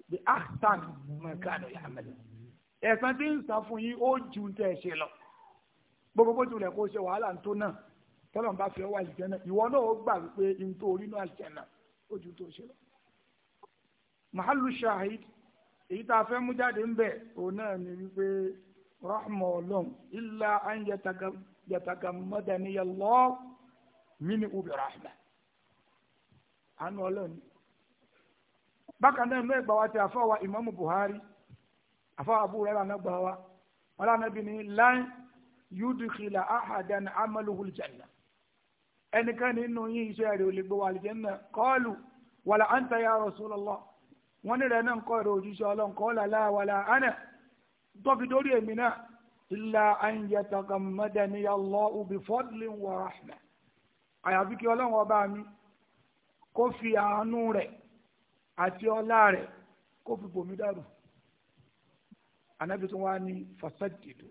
bí ahsan mọ̀kánù yá mẹ́lẹ̀ ẹ̀sán tí ń sá fún yín ó ju tẹ̀ ṣe lọ gbogbo bó tilẹ̀ kó ṣe wàhálà tó náà tọ́lọ̀ bá fi ọwọ́ àlìjẹ́nà ìwọ náà ó gbà wípé n tó orí náà àlìjẹ́nà ó ju tó ṣe lọ. mahalu shahid èyí tá a fẹ́ mú jáde ń bẹ̀ òun náà ni wípé rahma ọlọ́run ilà an yatagamadaniyallaw mini ubi rahma àánú ọlọ́run. bákan náà inú wa ti àfọwà ìmáàmù Buhari àfọwà àbúrò rẹ̀ ànágbàá wa wọn lànà bí ní lan yudkhila ahadan amaluhul janna. ẹnikẹ́ni nínú yín iṣẹ́ ò lè gbé wa àlìjẹ́nà kọ́ọ̀lù wàlà anta ya Rasulullah wọ́n ní rẹ̀ náà ń kọ́ ẹ̀rọ òjíṣẹ́ ọlọ́run kọ́ọ̀lù aláwàlà ánà tọ́fi dórí èmi náà illa an yatagammadani wa rahma àyàfi kí ọlọ́run ọba mi kó fi àánú rẹ̀ àti ọlá rẹ̀ kó fi bòmí dàrú anabi tó wá ní fasadidu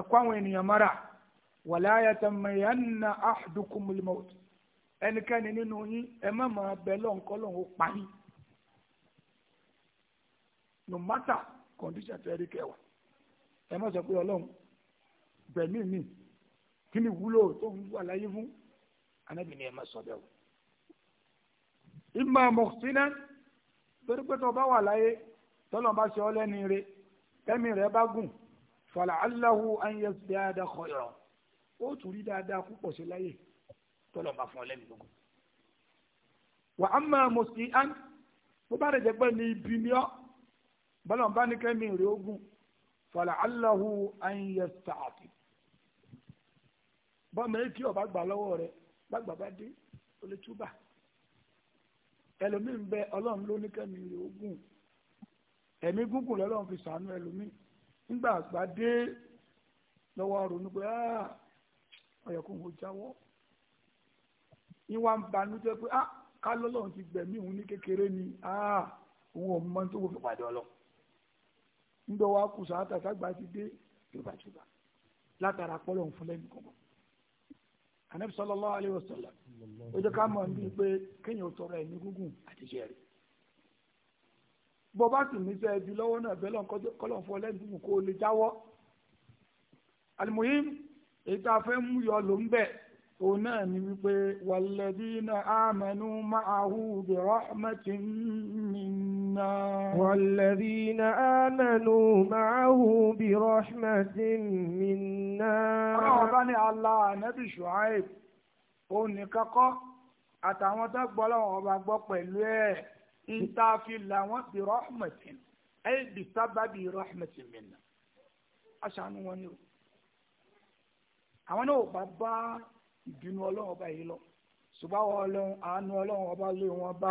ẹ̀kọ́ àwọn ènìyàn mara wala yatamanna ahdukumul maut nínú yín ẹ má máa bẹ lọ́nkọ́ lọ́hún parí no matter condition tẹ́ rí kẹwàá ẹ má sọ pé ọlọ́run gbẹ̀mí mi kí ni wúlò tó ń wà láyé fún anábì ni ẹ má sọ o. ìmọ̀ mọ̀sínà torí pé tó bá wà láyé tọ́lọ́ bá ṣe ọ́ lẹ́ni tẹ́mi bá falàálàhù ayé dáadáa kọyọ̀ ó tún rí dáadáa púpọ̀ sí láyè tọ́lọ̀ bá fún ọ lẹ́nu gbogbo. wà á máa mọ̀ sí án bó bá rẹ̀ jẹ́ pé ní ibi ni ọ́ bọ́lá ń bá ní kẹ́mi rè bọ́mọ etí ọba gbà lọ́wọ́ rẹ̀ gbàgbà bá dé ó lè bẹ ọlọ́run ló ní kẹ́mi rè ogun ẹ̀mí gúngùn lọ́lọ́run fi sàánú ẹlòmíín. ngba agba dee lọ́wọ́ ronú pé ah, ọ̀yọ̀kùn ò jáwọ́ ní wá ń banújẹ́ pé ah, ká ti gbẹ̀mí òun ní kékeré ni ah, òun ò mọ tó fi pàdé ọlọ́ nígbà wa kù sàátà sàgbà ti dé jùbàjùbà látara pọ́lọ̀ òun fún lẹ́nu kọ̀ọ̀kan anabi sọlọ ká pé kéèyàn tọrọ bó bá sì ní sẹ́ ẹbí lọ́wọ́ náà bẹ́ẹ̀ lọ́n kọ́lọ́n fún ọlẹ́yìn fún kó o lè jáwọ́ alimoyim èyí tá a fẹ́ mú yọ ló ń bẹ̀ òun náà ni wípé walladhina amanu ma'ahu bi rahmatin minna. walladhina amanu ma'ahu bi rahmatin minna. ọlọ́run bá ní Allah ànábì Shuaib òun nìkan kọ́ àtàwọn tó gbọ́ lọ́wọ́ ọba gbọ́ pẹ̀lú ẹ̀ ntaafi làwọn bi rahmatin ay bi sábàbí rahmatin minna aṣàánú wọn ni o àwọn náà ò bá bá ìbínú ọlọ́run ọba yìí lọ ṣùgbọ́n ọlọ́run àánú ọlọ́run ọba lé wọn bá.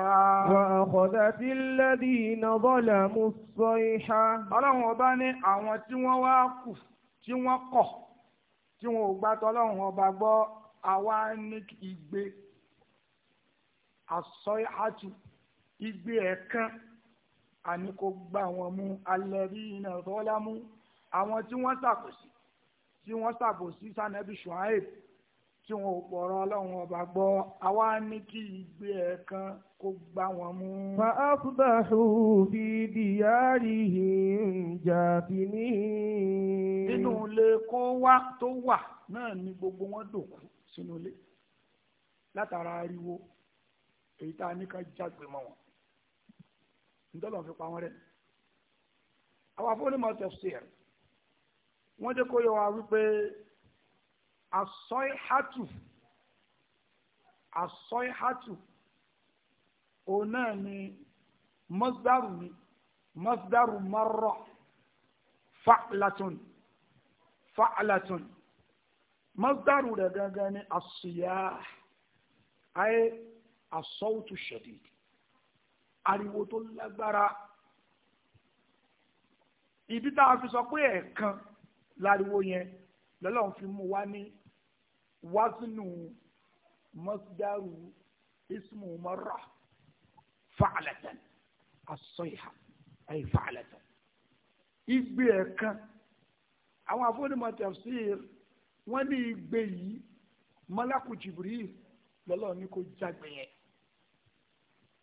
wa akhadhati alladhina zalamu as-sayha. ọlọ́run ọba ní àwọn tí wọ́n wá kù tí wọ́n kọ̀ tí wọn ò gbàtọ́ ọlọ́run ọba gbọ́ àwa ní ìgbé àsọ̀yájú igbe ẹ̀kan àní kò gbà wọ́n mú alẹ́rí iná ìfọwọ́lá mú àwọn tí wọ́n ṣàkóso tí wọ́n ṣàkóso sanabi shuaib tí wọn ò pọ̀rọ̀ ọlọ́run ọba gbọ́ àwa ní kí igbe ẹ̀kan kó gbá wọn mú. fa asbahu fi diyarihim jafini. nínú ilé kó wá tó wà náà ni gbogbo wọn dòkú sínú ilé látara ariwo èyí tá a ní ká jágbe mọ́ wọn ntọ́lọ̀ fi pa wọ́n rẹ̀ àwọn afọ́nímọ̀ tafsir wọ́n jẹ́ kó yọ wa wípé asọ́ìhátù asọ́ìhátù òun náà ni masdaru ni masdaru marra fa'latun fa'latun masdaru rẹ̀ gangan ni asiyah ayé asọ́wùtù shadid ariwo tó lágbára ibi tá a fi sọ pé ẹ̀ẹ̀kan láriwo yẹn lọ́lọ́run fi mú wa ní wazinu masdaru ismu marra fa'latan as-sayha ay fa'latan igbe ẹ̀ẹ̀kan àwọn afọ́nimọ̀ tafsir wọ́n ní igbe yìí malaku lọ́lọ́run ní kò jágbe yẹn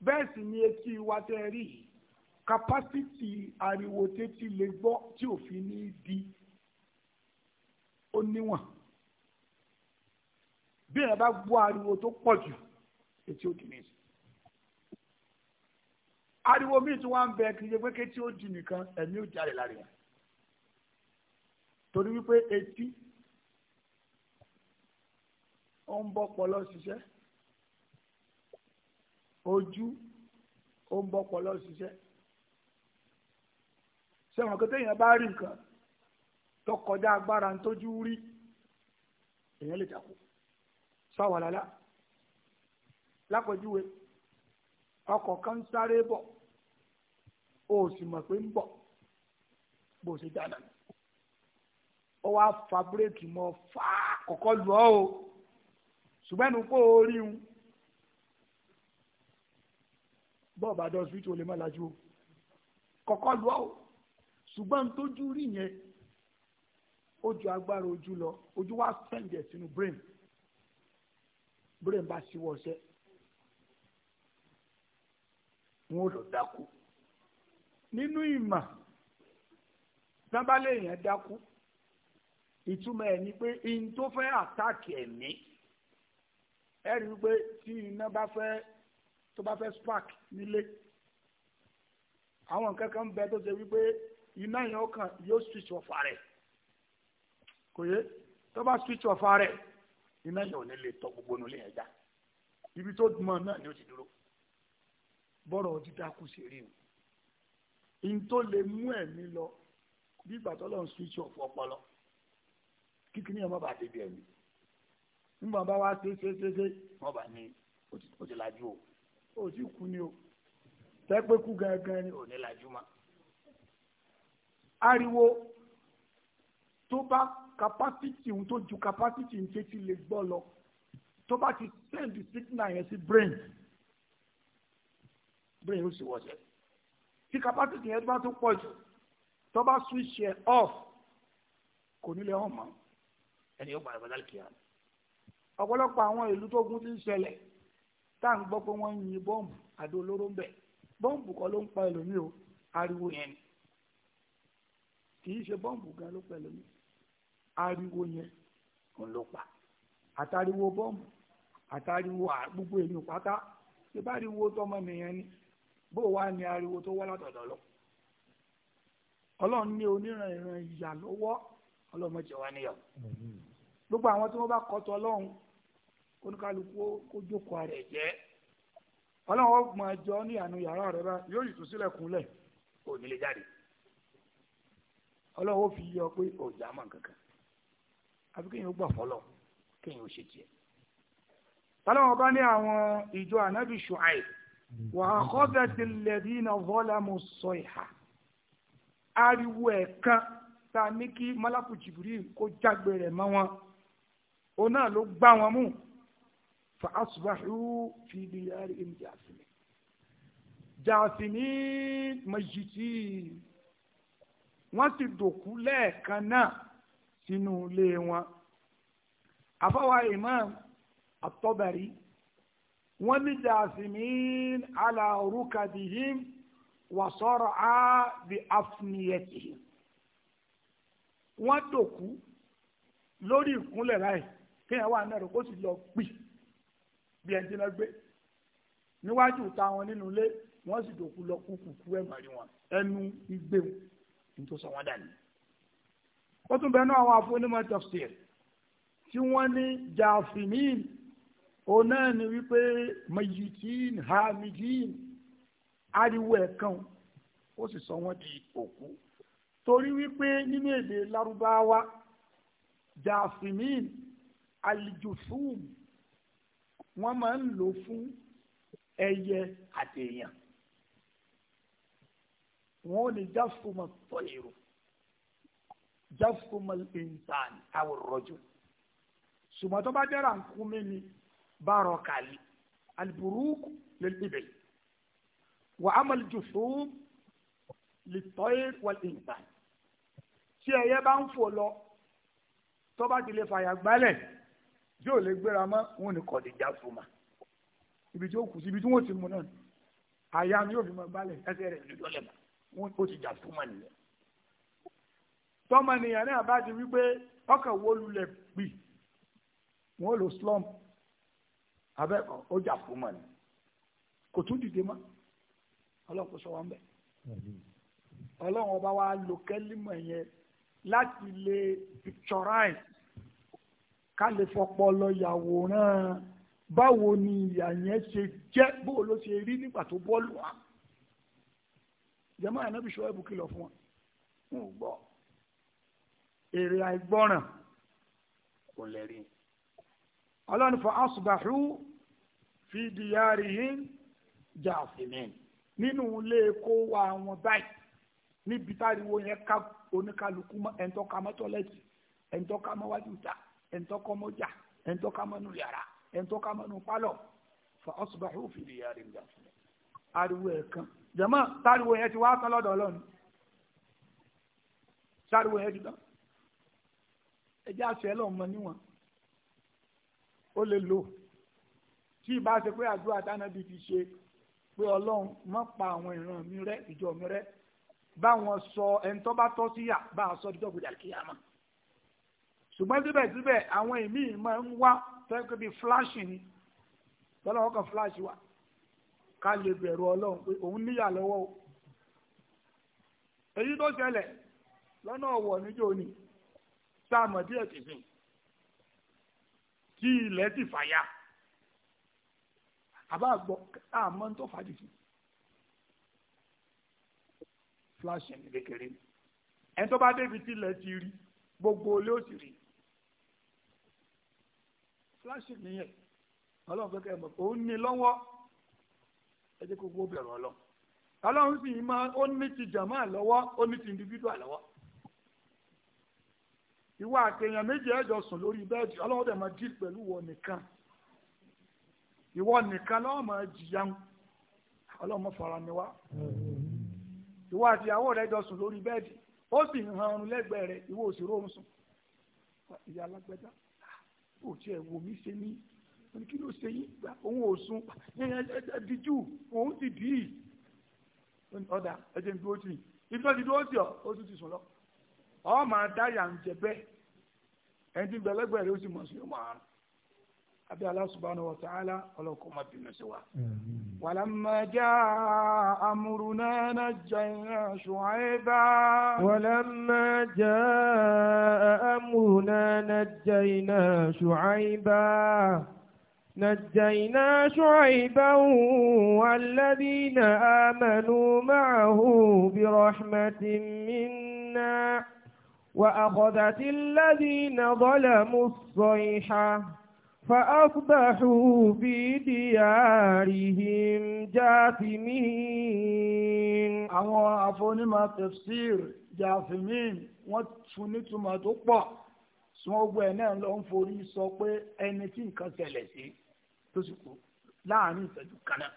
bẹ́ẹ̀ sì ni etí wa tẹ́ rí yìí kapásítì ariwo tẹ́tí lè gbọ́ tí òfin ní di ó níwọ̀n bí ẹ bá gbọ́ ariwo tó pọ̀ jù etí ó dìní sí ariwo míì tí wọ́n ń bẹ kì í ṣe pé kétí ó di nìkan ẹ̀mí ò jáde lára yẹn torí wípé etí ó ń bọ́ pọ̀ lọ ṣiṣẹ́. ojú ó ń bọ́pọlọ ṣiṣẹ́ sẹ́wọ̀n kí téèyàn bá rí nǹkan tó kọjá agbára tójú rí èèyàn lè takò sáwàlálà lápẹjúwe ọkọ̀ kan sáré bọ̀ o sì mọ̀ pé ń bọ̀ bó ṣe dáná ó wá fa búrẹ́kì mọ́ fà kọ́kọ́ bọ́ọ̀bù adọ́sítì olè má o ṣùgbọ́n tójú rí yẹn ojú ojú lọ ojú wa sẹ̀ǹdẹ̀ sínú brain brain bá ṣíwọ́ wọn ò lọ dákú nínú ìmọ̀ sábàlẹ̀ èèyàn dákú ìtumọ̀ ẹ̀ ni pé tó fẹ́ àtàkì tó bá fẹ́ spark nílé àwọn nǹkan kan ń bẹ tó ṣe wípé iná yẹn ó yóò switch off rẹ̀ kò yé tó bá switch off rẹ̀ iná yẹn ò ní lè tọ gbogbo nílé yẹn já ibi tó mọ náà ni ó ti dúró bọ́rọ̀ dídá kù sí rí o in tó lè mú ẹ̀mí lọ bí ìgbà tó lọ́n switch off ọpọlọ kíkiri yẹn má bàa débi ẹ̀mí nígbà bá wá ṣe ṣe ṣe ṣe wọ́n bá ní ó ti lajú o ò sì kú ni o tẹ́pẹ́ kú gangan ni ò ní ariwo tó bá kapásítì tó ju kapásítì tẹ́tí lè gbọ́ lọ tó bá ti send signal yẹn sí brain brain ó sì wọṣẹ tí kapásítì yẹn bá tó pọ̀ jù tó bá switch yẹn off kò nílẹ̀ ọ̀hún mọ́ ẹni yóò gbàdúrà lálẹ́ kíá ọ̀pọ̀lọpọ̀ àwọn ìlú tó gún ti ń ṣẹlẹ̀ tá à ń gbọ́ pé wọ́n ń yin bọ́ǹbù àdó olóró ń bẹ̀ bọ́ǹbù kọ́ ló ń pa ẹlòmíì o ariwo yẹn ni kì í ṣe bọ́ǹbù gan ló pa ẹlòmíì ariwo yẹn ń ló pa àtàriwo bọ́ǹbù àtàriwo gbogbo èèyàn pátá ṣe bá ariwo tọmọ nìyẹn ni bó wá ní ariwo tó wá látọ̀dọ̀ lọ ọlọ́run ní oníran ìran ìyà lọ́wọ́ ọlọ́mọ jẹ wá níyàwó gbogbo àwọn tí wọ́n bá kọ́ tọ́ ọlọ́run oníkálukú kó jókòó rẹ̀ jẹ́ ọlọ́run ó mọ ẹjọ́ ní àánú yàrá rẹ̀ bá yóò yìí tún sílẹ̀ kúnlẹ̀ kò ní lè jáde ọlọ́run ó fi yọ pé òjà mọ̀ kankan àfi kéèyàn gbà fọlọ́ kéèyàn ó ṣe tiẹ̀ ọlọ́run ọba ní àwọn ìjọ ànábì ṣùáì wà á kọ́bẹ̀ tilẹ̀ bí iná vọ́lámù sọ ìhà ariwo ẹ̀kan tá a ní kí malaku kó jágbe rẹ̀ mọ́ wọn òun náà ló gbá wọn mú. فأصبحوا في fi جاثمين جاثمين jasimin majiti wọ́n ti dòkú lẹ́ẹ̀kan náà sínú ilé wọn àfáwà imam at-Tabari wọ́n ní jasimin ala rukabihim wa sar'a bi afniyatihim wọ́n dòkú lórí ìkúnlẹ̀ láì kéèyàn wà náà rẹ̀ kó sì lọ bí ẹni tí wọ́n gbé níwájú ta wọn nínú ilé wọ́n sì dòkú lọ kúkú kú ẹ̀ mọ̀rí wọn ẹnu igbe ní tó sọ wọ́n dàní. ó tún bẹ́ẹ̀ náà àwọn afúnímọ̀ tafsir tí wọ́n ní jàfínìn òun ni wípé mayitin hamidin ariwo ẹ̀kan ó sì sọ wọ́n di òkú torí wípé nínú èdè lárúbáwá jàfínìn aljufum wọ́n máa ń lò fún ẹyẹ àti èèyàn wọ́n ò ní jáfùmọ̀ tọ́yìrò jáfùmọ̀ ìǹsàn àwòrọ́jù ṣùgbọ́n tó bá dára nkú mi ni bárò kàlí alburuku lẹ́lẹ́bẹ̀ wà á mọ̀lẹ́ jù fún lìtọ́yìr wà ìǹsàn tí ẹyẹ bá ń fò lọ tó bá ti fàyà gbálẹ̀ tí ò lè gbéra mọ́ wọn ni kọ̀dé já fún ma ibi tí ó kù sí ibi tí wọ́n ti mú náà àyà ni yóò fi mọ balẹ̀ ẹsẹ̀ rẹ̀ ní ìjọlẹ̀ mọ́ wọn ó ti já fún ma nìyẹn. tọ́mọnìyàn náà bá ti wí pé ọkàn wo lulẹ̀ pì wọ́n lò slum abẹ́kọ̀ ó já fún ma ni kò tún dìde mọ́ ọlọ́run kò sọ wọn bẹ́ẹ̀ ọlọ́run ọba wa lo kẹ́límọ̀ yẹn láti lè picturize ká lè fọpọlọ yàwòrán báwo ni ìyà yẹn ṣe jẹ́ bó ló ṣe rí nígbà tó bọ́ọ̀lù wa jẹ́mọ́ ànábì ṣọ́ọ́bù kìlọ̀ fún wọn ń gbọ́ èrè àìgbọ́ràn kò lè rí ọlọ́run fa asbahu fi diyarihim jàfìmín nínú ilé kó wa àwọn báyìí níbi táriwo yẹn ká oníkálukú ẹ̀ńtọ́ka mọ́tọ́lẹ́tì ẹ̀ńtọ́ka mọ́wájú ta ẹ̀ńtọ́kọ́ mọ́jà ẹ̀ńtọ́ká mọ́nú yàrá ẹ̀ńtọ́ká mọ́nú pálọ̀ fa asbahu fili diyari ń jàfẹ́ ariwo ẹ̀ kan jẹ̀mọ́ táriwo yẹn ti wá tán lọ́dọ̀ ọlọ́run táriwo yẹn ti tán ẹjẹ́ àṣẹ ẹlọ́mọ níwọ̀n ó lè lò tí ìbá ṣe pé àdúrà tánàbí ti ṣe pé ọlọ́run má pa àwọn ìran mi rẹ́ ìjọ mi rẹ́ báwọn sọ ẹni bá tọ́ síyà bá a sọ dídọ́gbọ̀dà kíyàmá ṣùgbọ́n síbẹ̀síbẹ̀ àwọn ìmí máa ń wá fẹ́ẹ́ bíi fúláṣì ni tọ́lá ọkọ̀ fúláṣì wa ká lè bẹ̀rù ọlọ́run pé òun níyà lọ́wọ́ o èyí tó ṣẹlẹ̀ lọ́nà ọ̀wọ̀ níjọ́ ni sáàmù díẹ̀ ti sìn tí ilẹ̀ ti fàyà àbá gbọ́ àmọ́ tó fàájì sí fúláṣì ní kékeré ẹni tó bá débi tí ilẹ̀ ti rí gbogbo olóòtú rí flagship nìyẹn ọlọ́run fẹ́ ní lọ́wọ́ ẹ jẹ́ kó gbó bẹ̀rù ọlọ́run ọlọ́run sì máa ó ní ti jàmáà lọ́wọ́ ó ní ti individual lọ́wọ́ ìwà àtẹ̀yàn méjì ẹ̀jọ̀ sùn lórí bẹ́ẹ̀dì máa nìkan ìwọ nìkan máa jìyà ń fara ni àtìyàwó jọ sùn lórí ó sì ìwọ òsì sùn ìyá kò tiẹ̀ wò mí ṣe mí wọn ni kí ló ṣe yín gba òun ò sun díjú òun ti dì í ọ̀dà ẹ̀jẹ̀ ń dúró tì í ibi tó ti dúró tì ọ́ ó tún ti sùn lọ ọ́ máa dá yà ń jẹ bẹ́ẹ̀ ẹni tí ń bẹ lẹ́gbẹ̀ẹ́ ó sì mọ̀ sí ọmọ àrùn أبي الله سبحانه وتعالى ولكم بما سواه ولما جاء أمرنا نجينا شعيبا ولما جاء أمرنا نجينا شعيبا نجينا شعيبا والذين آمنوا معه برحمة منا وأخذت الذين ظلموا الصيحة فأصبحوا في ديارهم جاثمين àwọn afọ́nímọ̀ tafsir jàfìmín wọ́n fún nítumọ̀ tó pọ̀ sún ọgbọ́ ẹ̀ náà ló ń forí sọ pé ẹni tí nǹkan ṣẹlẹ̀ sí tó sì kú láàrin ìṣẹ́jú kan náà.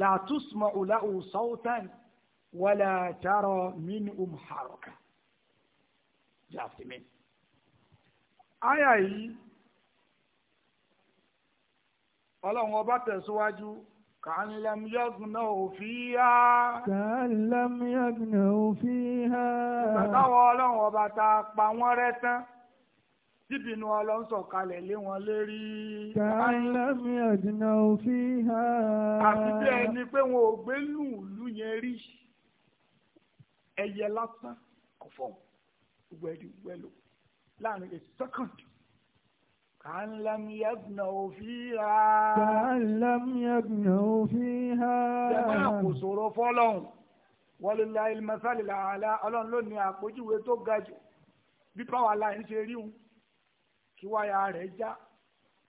la tusma'u lahu sawtan wala tara minhum haraka jàfìmín àyà yìí ọlọ́run ọba tẹ̀síwájú kàálàm yọ́gùnà òfíhá. kàálàm yọ́gùnà òfíhá. ìgbàtàwọ̀ ọlọ́run ọba ta pa wọ́n rẹ́ tán tíbinú ọlọ́run sọ̀kalẹ̀ lé wọn lérí. kàálàm yọ́gùnà òfíhá. àti ẹni pé wọn ò gbé lùlù yẹn rí ẹyẹ lásán kò fọ́ gbogbo ẹni láàrin a second كأن لم يبنوا فيها كأن لم يبنوا فيها جماعة قصور فولون ولله المثل الأعلى ọlọ́run ló ní àpèjúwe tó ga jù bí power line ṣe rí un kí wáyà rẹ̀ já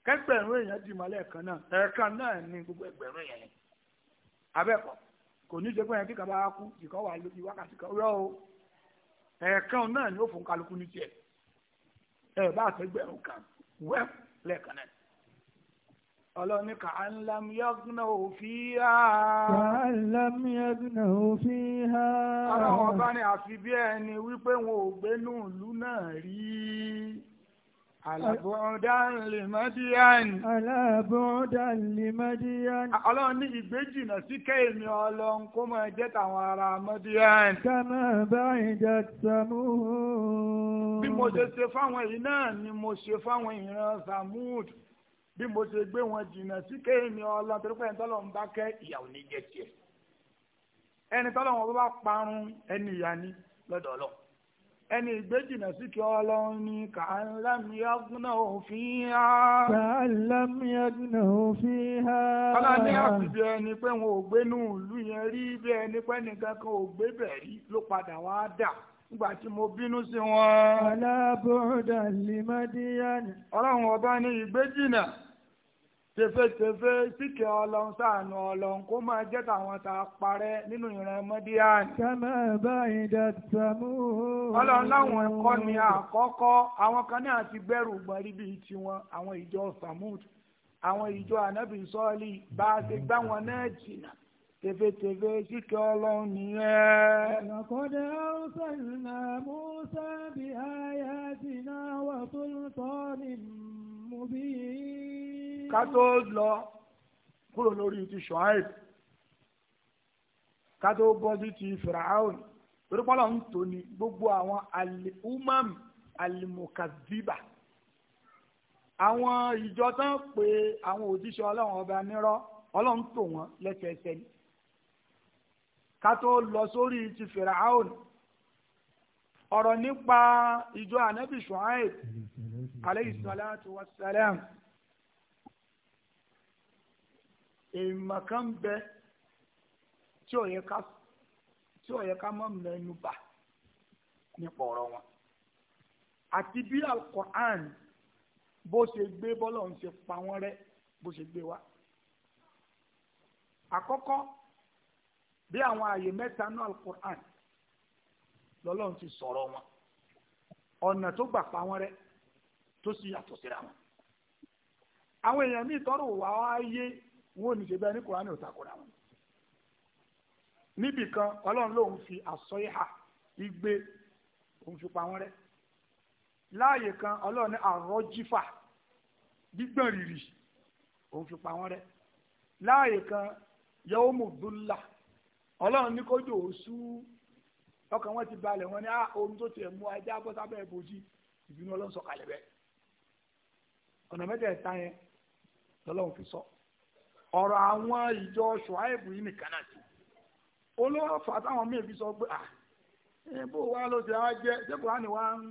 kẹgbẹ̀rún èèyàn dì mọ́lẹ̀ ẹ̀kan náà ẹ̀kan náà ní gbogbo ẹgbẹ̀rún èèyàn abẹ́kọ̀ kò ní í ṣe pé ẹ̀yàn kíkà bá kú ìkọ́ wà lójú wákàtí kan rọ́ o ẹ̀kan náà ni ó fún kálukú ní tiẹ̀ ẹ bá àtẹgbẹrún kan wẹ lẹ́ẹ̀kan náà ọlọ́ni ka alam yagna òfin ha. ka alam yagna òfin ha. ara wọn bá ní àfi bí ẹni wípé wọn ò gbénú ìlú náà rí. Àlàbọ̀dán lè Mádíyàn. Àlàbọ̀dán lè Mádíyàn. Ọlọ́run ní ìgbéjìnà sí kẹ́ẹ̀mí ọlọ́run kó máa jẹ́ tàwọn ará Mádíyàn. Kàmá báyìí dà Sàmúhùn. Bí mo ṣe ṣe fáwọn yìí náà ni mo ṣe fáwọn ìran Sàmúhùn. Bí mo ṣe gbé wọn jìnà sí kẹ́ẹ̀mí ọlọ́run torí pé ẹni tọ́lọ́ ń bá kẹ́ ìyàwó ní jẹ́ tiẹ̀. Ẹni tọ́lọ́ wọn bá parun ẹni ìyá ní lọ́dọ̀ ọlọ́run ẹni ìgbéjìnà sí kí ọlọ́run ní kàálàmíyàgúnà òfin ha. kàálàmíyàgúnà òfin ha. ọlá ní àfibì ẹni pé wọn ò gbé nù ìlú yẹn rí bí ẹni pé nìkan kan ò gbé bẹ̀ ló padà wá dà nígbà tí mo bínú sí wọn. alábòdà lè ọlọ́run ọba ní ìgbéjìnà tẹfẹtẹfẹ síkẹ Ọlọ́run ṣàánú Ọlọ́run kó máa jẹ́ tàwọn tá a parẹ́ nínú ìran mọdíàn. kẹmẹ báyìí dàtàmú. Ọlọ́run láwọn ẹ̀kọ́ ni àkọ́kọ́ àwọn kan náà ti gbẹrù gbọrí bíi tiwọn àwọn ìjọ samud àwọn ìjọ anabi sọọli bá a ti gbá wọn náà jìnnà tẹfẹtẹfẹ síkẹ Ọlọ́run nìyẹn. ìlàkọ́dẹ ọ̀sẹ̀ ìlànà Musa bíi àyà ti náà wà tó ń tọ́ ni mo bí ká tó lọ kúrò lórí ti ṣọ́áìb ká tó bọ́ sí ti fìràhàn torí pọ́lọ́ ń tò ní gbogbo àwọn al-umam al-mukaziba àwọn ìjọ tán pé àwọn òjíṣẹ́ ọlọ́run ọba nírọ́ ọlọ́run tò wọ́n lẹ́sẹẹsẹ ni ká tó lọ sórí ti fìràhàn ọ̀rọ̀ nípa ìjọ ànábì ṣọ́áìb aleyhi salatu wa salam. e kan bẹ tí ò ka ká tí ò yẹ ká mọ̀ mẹ́nu wọn àti bí alukoran bó ṣe gbé bó ṣe gbé wa. akọkọ bí àwọn àyè mẹ́ta náà alukoran lọlọ ti sọ̀rọ̀ wọn ọ̀nà tó gbà pa tó sì yàtọ̀ síra wọn ò ní ṣe bẹ́ẹ̀ ní kùránì ò takora wọn. níbì kan ọlọ́run lòun fi àsọyíhà igbe òun fi pa wọn rẹ́ láàyè kan ọlọ́run ní àrọ́jífà gbígbọ̀n rìrì òun fi pa wọn rẹ́ láàyè kan yawmudulla ọlọ́run ní kójú òṣù ọkàn wọn ti balẹ̀ wọn ní ah, ohun tó tiẹ̀ mú ajá bọ́ sábẹ́ ìbòjì ìbínú ọlọ́run sọ̀kalẹ̀ bẹ́ẹ̀ ọ̀nà mẹ́tẹ̀ẹ̀ta yẹn lọ́lọ́run fi sọ. So ọ̀rọ̀ àwọn ìjọ ṣùháìbù yìí nìkan náà sí olówó fàtàwọn míì fi sọ pé à ah, bó wa ló ti wá jẹ jẹ́kọ̀ọ́ àni wá ń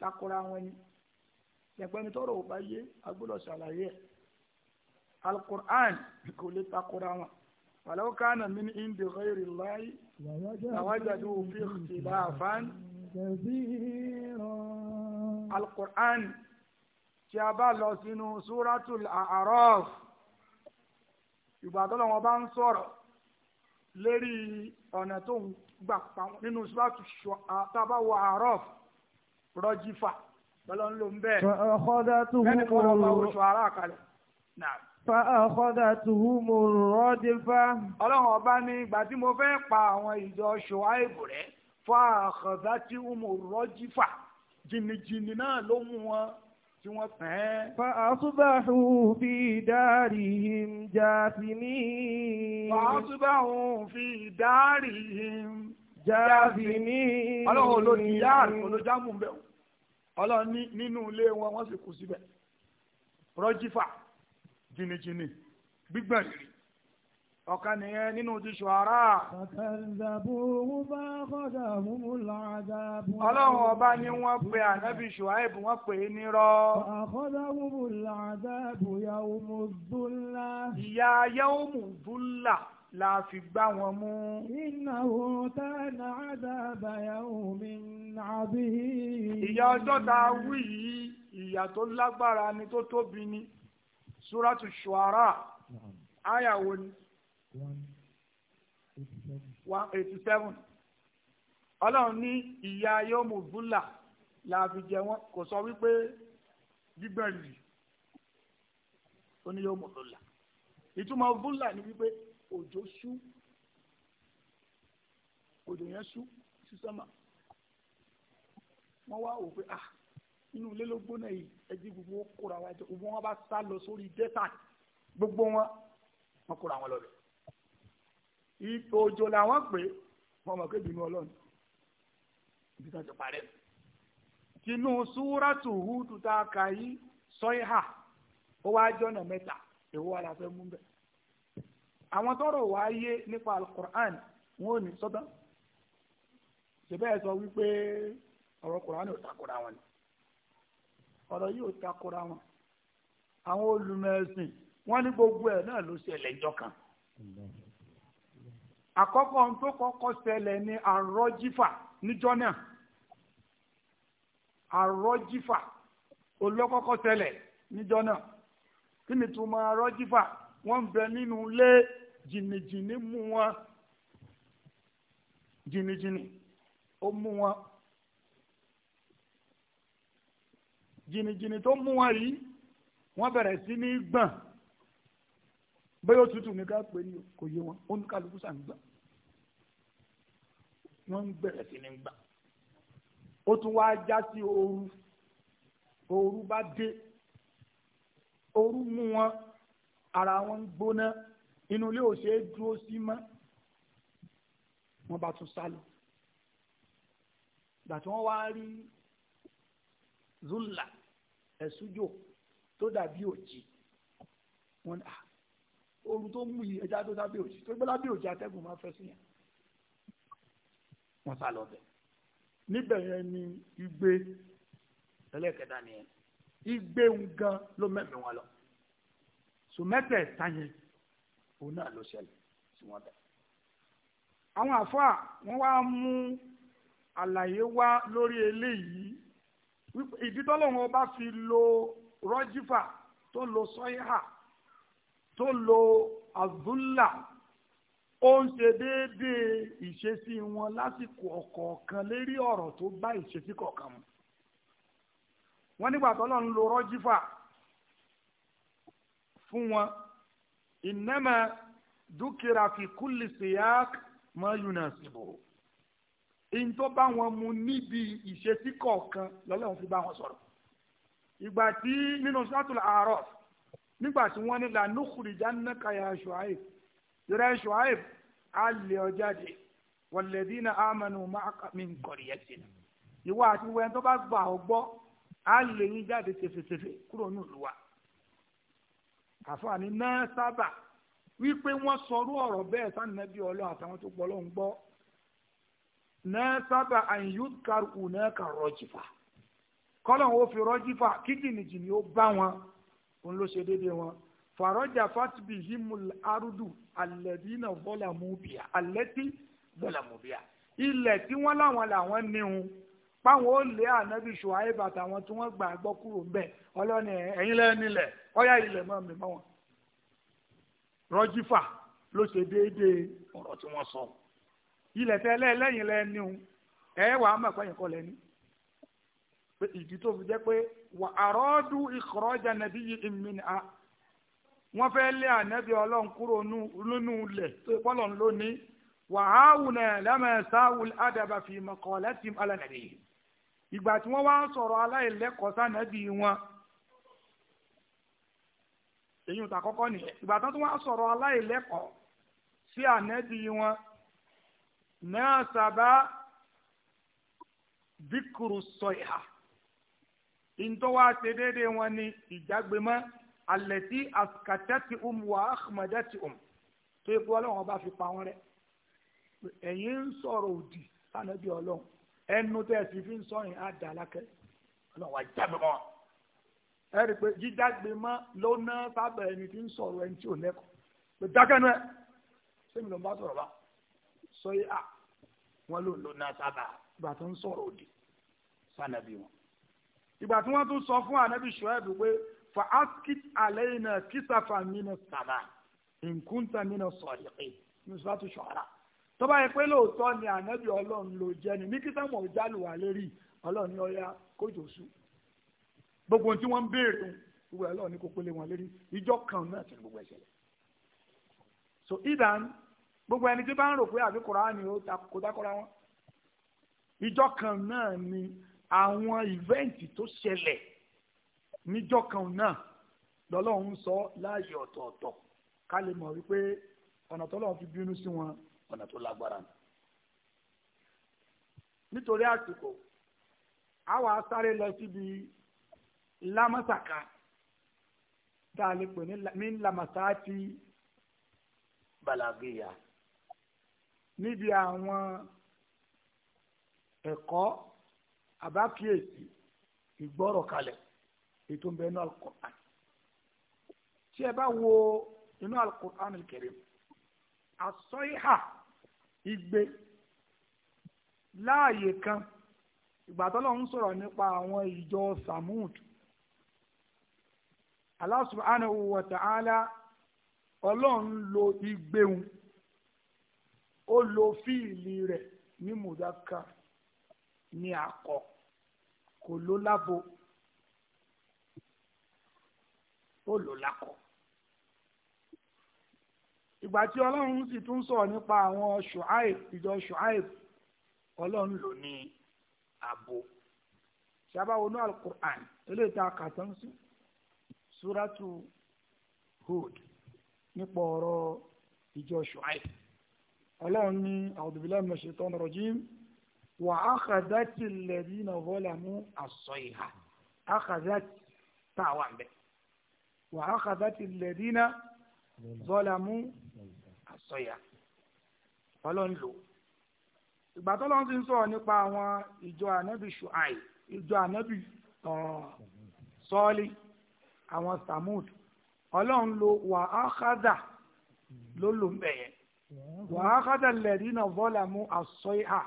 takora wọn ni ẹ̀pẹ́ni tọ́rọ̀ ò bá yé agbọ́dọ̀ ṣàlàyé ẹ̀ alukur'an kò lè takora wọn wàlẹ́ ó kánà mí ní indi ghayri llahi làwájàdú fi ikhtilafan alukur'an tí a bá lọ sínú suratul a'raf ìgbà tó lọ́wọ́ bá ń sọ̀rọ̀ lérí ọ̀nà tó ń gbà pa nínú síbáàtù tábà wọ àárọ̀ rọ́jífà lọ́lọ́ ń lò ń bẹ́ẹ̀ mẹ́ni kọ́ lọ́wọ́ oṣù ara kalẹ̀. fa àkọ́dà tuhu mo rọ́jífà. ọlọ́run ọba ní ìgbà tí mo fẹ́ pa àwọn ìjọ ṣòwáìbù rẹ̀ fa àkọ́dà tí mo rọ́jífà jìnnìjìnnì náà ló mú wọn tí wọ́n tẹ̀ ẹ́. fa asbahu fi darihim jathimin. fa asbahu fi darihim jathimin. ọlọ́run olóòdì yáàrì olójàmù bẹ́ẹ̀ ọlọ́run nínú ilé wọn wọ́n sì kú síbẹ̀ rọ́jífà jìnnìjìnnì gbígbọ̀n ọ̀kan nìyẹn nínú ti ṣùárà. kàkàndàbùrù bá kọ́dà múmú làdá bù. ọlọ́run ọba ni wọ́n pe ànábì ṣùáìbù wọ́n pè é nírọ́. àkọ́dà múmú làdá bù yàwó mú dúlà. ìyá yàwó mú dúlà la fi gbá wọn mú. iná wo tá na àdàbà yàwó mi nàbí. ìyá ọjọ́ tá wí yìí ìyà tó lágbára ni tó tóbi ni súrátù ṣùárà áyàwó ni one eighty seven ọlọ́run ní ìyá yóòmù búlà la fi jẹ wọ́n kò sọ wípé gbígbẹ̀rì ó ní yóòmù búlà ìtumọ̀ búlà ni wípé òjò ṣú òjò yẹn ṣú sí sánmà wọ́n wá wò pé ah inú ilé ló gbóná yìí ẹjí gbogbo kóra wa jọ gbogbo wọn bá sá lọ sórí dẹ́sà gbogbo wọn wọn kóra wọn lọ bẹ̀ òjò làwọn pè wọn mọ̀ pé bínú ọlọ́run ibi tá a ti parẹ́ tinú súrátù húdù tá a kà yí sọ́yà ó wá jọ́nà mẹ́ta èwo wa la fẹ́ mú bẹ́ẹ̀ àwọn tọrọ wàá yé nípa alukur'an wọn ò ní sọ́dọ̀ ṣẹbẹ́ ẹ sọ wípé ọ̀rọ̀ kur'an ò takora wọn ni ọ̀rọ̀ yìí ò takora wọn àwọn olùmọ̀ ẹ̀sìn wọn ní gbogbo ẹ̀ náà ló ṣẹlẹ̀ ìjọ kan àkọ́kọ́ ohun tó kọ́kọ́ ṣẹlẹ̀ ni àrọ́jífà níjọ́ náà àrọ́jífà olókọ́kọ́ ṣẹlẹ̀ níjọ́ náà kí ni túmọ̀ àrọ́jífà wọ́n ń bẹ nínú ilé jìnnìjìnnì mú wọn jìnnìjìnnì ó mú wọn jìnnìjìnnì tó mú wọn yìí wọ́n bẹ̀rẹ̀ sí ní gbọ̀n bẹ́ẹ̀ òtútù ní ká pè ní kò yé wọn ó ní kálukú sàn gbà wọ́n ń bẹ̀rẹ̀ sí ní gbà ó tún wá já sí ooru ooru bá dé ooru mú wọn ara wọn ń gbóná inú ilé ò ṣeé dúró sí mọ́ wọ́n bá tún sálọ gbàtí wọ́n wá rí zula ẹ̀sújò tó dàbí òjì wọ́n ní à ah, ooru tó mú yìí ẹja tó sábẹ́ òjì tó gbé lábẹ́ òjì atẹ́gùn máa fẹ́ sí yẹn wọ́n sá lọ bẹ̀ níbẹ̀ yẹn ni igbe ẹlẹ́kẹ̀dá nìyẹn igbe ń gan ló mẹ́mí wọn lọ sùmẹ́tẹ̀ sáyẹn òun náà ló ṣẹlẹ̀ sí wọn bẹ̀. àwọn àfáà wọn wá mú àlàyé wá lórí eléyìí ìdí tọ́lọ́wọ́n bá fi lo rọ́jífà tó lo sọ́yà tó lo azúlà ó ń ṣe déédéé ìṣesí wọn lásìkò ọ̀kọ̀ọ̀kan lérí ọ̀rọ̀ tó bá ìṣesí kọ̀ọ̀kan mu wọ́n nígbà tó lọ́n lo rọ́jífà fún wọn ìnáma dúkìrà fi kúlì síyák mọ́ yúnásìbò in tó bá wọn mu níbi ìṣesí kọ̀ọ̀kan lọ́lọ́run fi bá wọn sọ̀rọ̀ ìgbà tí nínú sátúlù àárọ̀ nígbà tí wọ́n ní lanúkùrì jannaka ya ṣùáìb ìrẹ́ ṣùáìb á lè ọ jáde wọ̀lẹ́dí na amanu ma'aka min qaryatina ìwọ àti wẹ́n tó bá gbà ọ gbọ́ á lè yín jáde tẹfẹtẹfẹ kúrò ní ìlú wa àfààní náà sábà wípé wọ́n sọrú ọ̀rọ̀ bẹ́ẹ̀ sànàbí ọlọ́ àtàwọn tó gbọ́ lọ́hùn gbọ́ náà sábà àyùd karùkù náà kà rọ́jìfà kọ́lọ̀ wọn ò fi rọ́jìfà kíjìnìjìnì ó bá wọn òun ló ṣe déédéé wọn fàrọ́jà fatibi himul arudu alẹ́dínà bọ́làmúbíà alẹ́tí bọ́làmúbíà ilẹ̀ tí wọ́n láwọn làwọn níhun páwọn ó lé ànábì ṣùháìb àtàwọn tí wọ́n gbà gbọ́ kúrò ńbẹ̀ ọlọ́ni ẹ̀yin lẹ́yìn nílẹ̀ ọ̀yá ilẹ̀ mọ́ mi mọ́ wọn. rọ́jífà ló ṣe déédéé ọ̀rọ̀ tí wọ́n sọ ilẹ̀ tẹ́lẹ̀ lẹ́yìn lẹ́yìn ẹ̀ wàá mọ̀ pẹ́yìn kọ́ lẹ́ni pé ìdí tó fi jẹ́ pé wà àrọ́dù ìkọ̀rọ̀jà nàbí yìí ìmìnira wọ́n fẹ́ lé ànábì ọlọ́run kúrò nínú ilẹ̀ tó pọ́lọ̀ ń lónìí wà á wùnà lẹ́mẹ̀ẹ́sáwùl ádàbà fi mọ̀kọ́ láti alànàbì yìí ìgbà tí wọ́n wá ń sọ̀rọ̀ aláìlẹ́kọ̀ọ́ sànàbì wọn èyí ò kọ́kọ́ nìyẹn ìgbà tí wọ́n wá ń sọ̀rọ̀ aláìlẹ́kọ̀ọ́ sí ànábì wọn náà sábà bíkùrù sọ̀yà ìntọ́wá ṣe déédéé wọn ni ìjágbémọ́ alẹ́tí àkàtẹ́tì um wà áhùmẹ́dẹ́tì um tó yẹ kó ọlọ́run bá fi pa wọn rẹ ẹ̀yin ń sọ̀rọ̀ òdì sànàbí ọlọ́run ẹnu tẹ́ ẹ sì fi ń sọ yìí á dà lákẹ́ ọlọ́run wàá ẹ rí i pé jíjágbe mọ́ sábà ẹni tí ń sọ̀rọ̀ ẹni tí ò lẹ́kọ̀ọ́ pé dákẹ́nu ẹ sẹ́mi ló ń bá sọ̀rọ̀ bá sọ yìí à wọ́n ló ló sábà gbà ń sọ̀rọ̀ òdì sànàbí wọn ìgbà tí wọ́n tún sọ fún anabi shuaib pé fa askit alayna kisafa mina sama nkunta mina sọ̀rìkì nusratu shuara tọ́ba yẹ pé lóòótọ́ ni anabi ọlọ́run ló jẹ́ ni ní kíta mọ̀ jálùwà lérí ọlọ́run ní ọya kójò sùn gbogbo tí wọ́n ń béèrè gbogbo ẹ̀ lọ́ọ̀ni kò pélé wọn lérí ìjọ kan náà ti gbogbo ẹ̀ṣẹ̀ lẹ̀ so idan gbogbo ẹni tí bá ń rò pé àbí Kùránì ó ta kó dákọ́ra wọn ìjọ kan náà ni àwọn ìvẹ́ǹtì tó ṣẹlẹ̀ níjọ́ kan náà lọ́lọ́run sọ láàyè ọ̀tọ̀ọ̀tọ̀ ká lè mọ̀ wípé ọ̀nà tọ́lọ́run fi bínú sí wọn ọ̀nà tó lágbára ni. nítorí àsìkò àwa sáré lọ síbi lámásàkà tá a lè pè ní lámásàátì balagiya níbi àwọn ẹ̀kọ́ àbákíyèsí ìgbọ́rọ̀ kalẹ̀ ètò ń bẹ inú alukur'an tí ẹ bá wo inú alukur'an al-karim àsọyíhà igbe láàyè kan ìgbà tó lọ́n ń sọ̀rọ̀ nípa àwọn ìjọ samud Allah subhanahu wa ta'ala ọlọ́run lo igbeun ó lo fíìlì rẹ̀ ní mùdákà Ni akọ kò ló lábo ó lò lákọ. ìgbà tí ọlọ́run sì tún sọ̀rọ̀ nípa àwọn ṣùáìb ìjọ ṣùáìb ọlọ́run lò ní àbò ṣàbáwo alukur'an eléyìí tá tán sí suratu Hud nípa ọ̀rọ̀ ìjọ ṣùáìb ọlọ́run ní a'udhu billahi minash shaitanir rajim wà ákàdátì lẹ́bí náà wọ́lá mú àṣọ ìhà ákàdátì tá a wà ń bẹ̀ wà ákàdátì lẹ́bí náà wọ́lá mú àṣọ ìhà ọlọ́run lò ìgbà tó lọ́n ti ń nípa àwọn ìjọ ànábì ṣùáì ìjọ ànábì sọ́ọ́lì àwọn samud ọlọ́run lo wà ákàdà ló ń bẹ̀yẹn wà ákàdà lẹ́rìí náà bọ́là mú àsọ́yà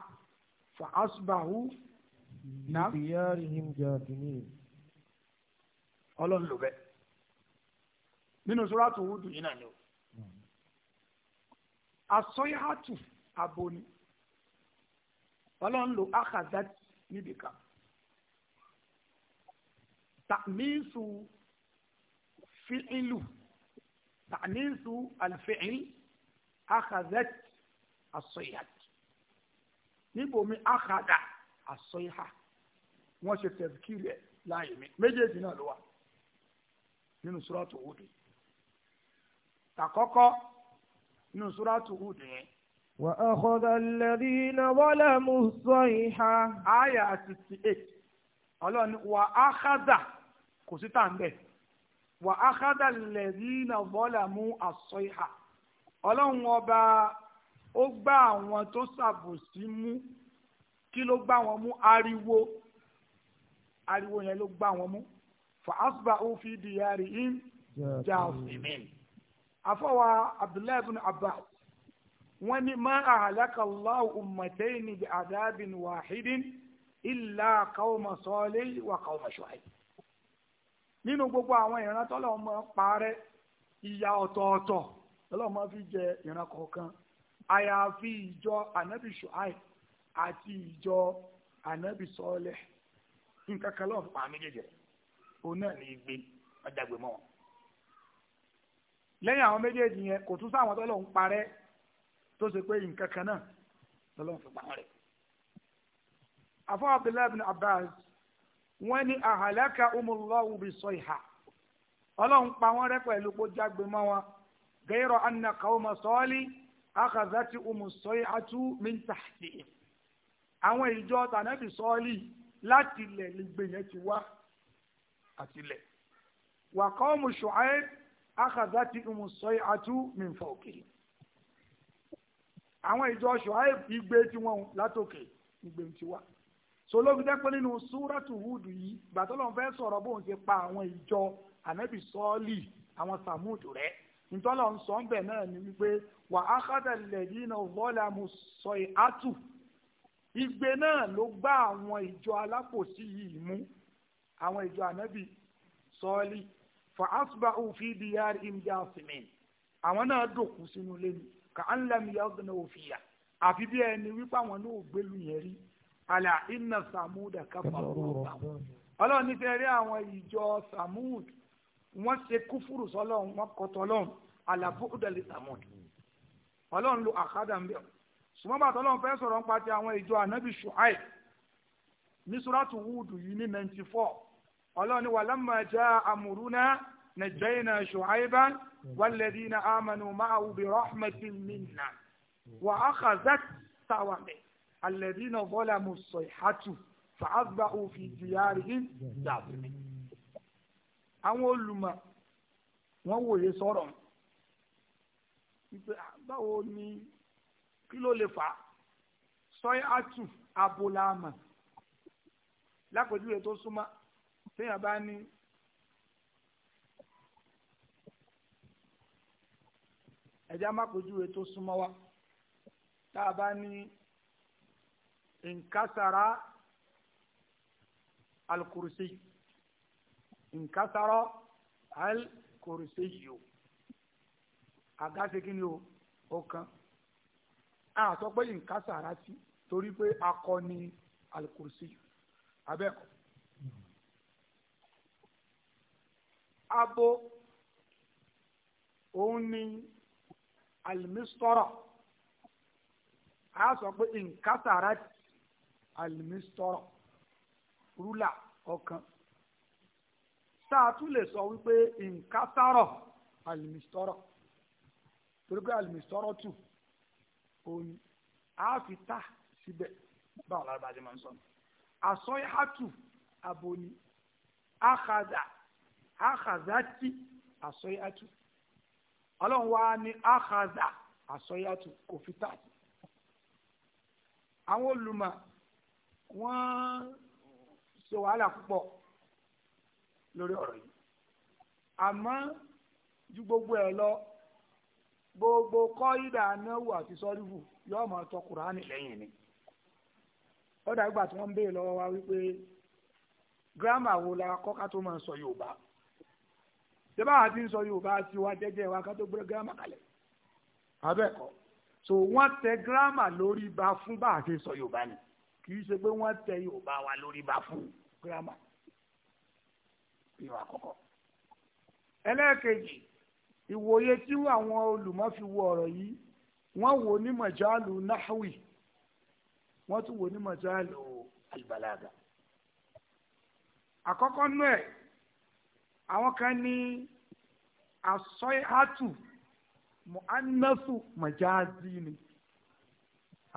fa asbahu na. diyarihim jathimin. ọlọ́run ló bẹ́ẹ̀ nínú sọ́ràtù wúdù yìí náà ni o. asọ́yàtù aboni ọlọ́run ló akhadat níbi kan. ta'nisu fi'ilu ta'nisu al-fi'il asọ́yàtù níbòmí àkàdà àsọyíhà wọ́n ṣe tẹ̀síkìrì ẹ̀ láàyè mi méjèèjì náà ló wà nínú sùràtù Húdù tàkọ́kọ́ nínú sùràtù Húdù yẹn. wà á kọ́dà lẹ́rí iná wọlé mu sọ ìhà. àyà sixty eight ọlọ́run ni wà á kádà kò sí tàǹbẹ̀ wà á kádà lẹ́rí iná wọlé mu àsọ ìhà ọlọ́run ọba. ó gbá àwọn tó ṣàbòsí mú kí ló gbá wọn mú ariwo ariwo yẹn ló gbá wọn mú fa asbahu fi diyarihim jathimin afọwà abdullahi abbas wọn ní ma ahlaka Allahu ummatayn bi adabin wahidin illa qawma salih wa qawma nínú gbogbo àwọn ìran parẹ́ ìyà ọ̀tọ̀ọ̀tọ̀ tọ́lọ́ fi jẹ ìran àyàfi ìjọ anabi ṣùáì àti ìjọ ànábì sọ́ọ̀lẹ̀ nǹkan kan lọ́wọ́ àmì igbe ọjàgbé mọ́ lẹ́yìn àwọn méjèèjì yẹn kò tún sáwọn tọ́lọ̀ ń parẹ́ tó ṣe pé nǹkan kan náà tọ́lọ̀ ń fi pa wọn rẹ̀. àfọ Abdullahi bin Abbas wọn bi sayha ọlọ́run pa pẹ̀lú wọn gẹ́rọ akàzàtì umusọ́yì atú mintahti àwọn ìjọ tànàbì sọ́ọ́lì láti ilẹ̀ lẹ́gbẹ̀yẹ ti wá àti ilẹ̀ wà qawmu Shu'aib akàzàtì umusọ́yì atú min fawqi àwọn ìjọ Shu'aib igbe tí wọ́n látòkè igbe ti wá solóbi dẹ́pẹ́ nínú súrátù húdù yìí gbàtọ́lọ́n fẹ́ sọ̀rọ̀ bóun ti pa àwọn ìjọ ànábì sọ́ọ́lì àwọn sàmúdù rẹ̀ ntọ́lọ̀ ń sọ ń bẹ̀ náà ni wípé wà á kádàlẹ̀ dínà vọ́làmù sọ àtù igbe náà ló gbá àwọn ìjọ alápòsí yìí mú àwọn ìjọ ànábì sọ́ọ́lì fa asba òfin dr imdia simin àwọn náà dòkú sínú lẹ́nu kà á ń lẹ́nu yọ̀gbìn òfin yà àfi bí ẹni wípé àwọn náà gbélu yẹn rí àlà iná samuda káfà ọlọ́run nífẹ̀ẹ́ rí àwọn ìjọ samud wọ́n ṣe kúfùrù sọ́lọ́run wọ́n kọ́tọ́ lọ́run àlàbùdàlì samud ọlọ́run lo àkádà ń bẹ̀ sùmọ́bà tọ́lọ́run fẹ́ sọ̀rọ̀ nípa ti àwọn ìjọ ànábì ṣùháì ní suratu wúdù yìí ní ninety four ọlọ́run ni walamma jaa amruna najjayna ṣùháìbán walladhina amanu ma'ahu bi rahmatin minna wa akhazat sawami alladhina zalamu sayhatu fa'asbahu fi diyarihim dàbí. àwọn olùmọ̀ wọ́n wòye sọ̀rọ̀ wípé ah, báwo ni kí ló lè fà á sọ́yí àtù abúláàmà lápèjúwe tó súnmọ́ téèyàn bá ní ẹ̀já mápèjúwe tó súnmọ́ wa tá a bá ní nkásara alukurusi nkásara alukurusi yìí o àga ṣe kí ni o ó kan a sọ pé nǹkan sàrà sí torí pé akọ ni alukursi abẹ́kọ̀ abo òun ni alimisọrọ a sọ pé nǹkan sàrà alimisọrọ rúlà ọ̀kan tá a tún lè sọ wípé nǹkan sàrọ alimisọrọ torí pé àlùmísọ́rọ́tù òun àáfíta síbẹ̀ báwo lára bá a ṣe máa ń sọ àsọyàtù àbòní àkàdà àkàdàtì àsọyàtù ọlọ́run wa ni àkàdà àsọyàtù kò fi tà sí. àwọn olùmọ̀ wọ́n ṣe wàhálà púpọ̀ lórí ọ̀rọ̀ yìí àmọ́ ju gbogbo ẹ̀ lọ gbogbo kọ́ ìdá anáwó àti sọ́rífù yóò máa tọ kùránì lẹ́yìn ni ó dàgbà tí wọ́n ń béèrè lọ́wọ́ wa wípé gírámà wo la kọ́ ká tó máa sọ yorùbá ṣé báwa ti ń sọ yorùbá sí wa jẹ́jẹ́ wa ká tó gbé gírámà kalẹ̀ abẹ́ẹ̀kọ́ so wọ́n tẹ gírámà lórí ba fún bá a ṣe sọ yorùbá ni kì í ṣe pé wọ́n tẹ yorùbá wa lórí ba fún gírámà ìwà àkọ́kọ́ ẹlẹ́ẹ̀kejì ìwòye tí àwọn olùmọ̀ fi wo ọ̀rọ̀ yìí wọ́n wò ní mọ̀jálù nahwi wọ́n tún wò ní mọ̀jálù albalaga. àkọ́kọ́ nú ẹ̀ àwọn kan ní asọ́hátù mu'annasu majazi ni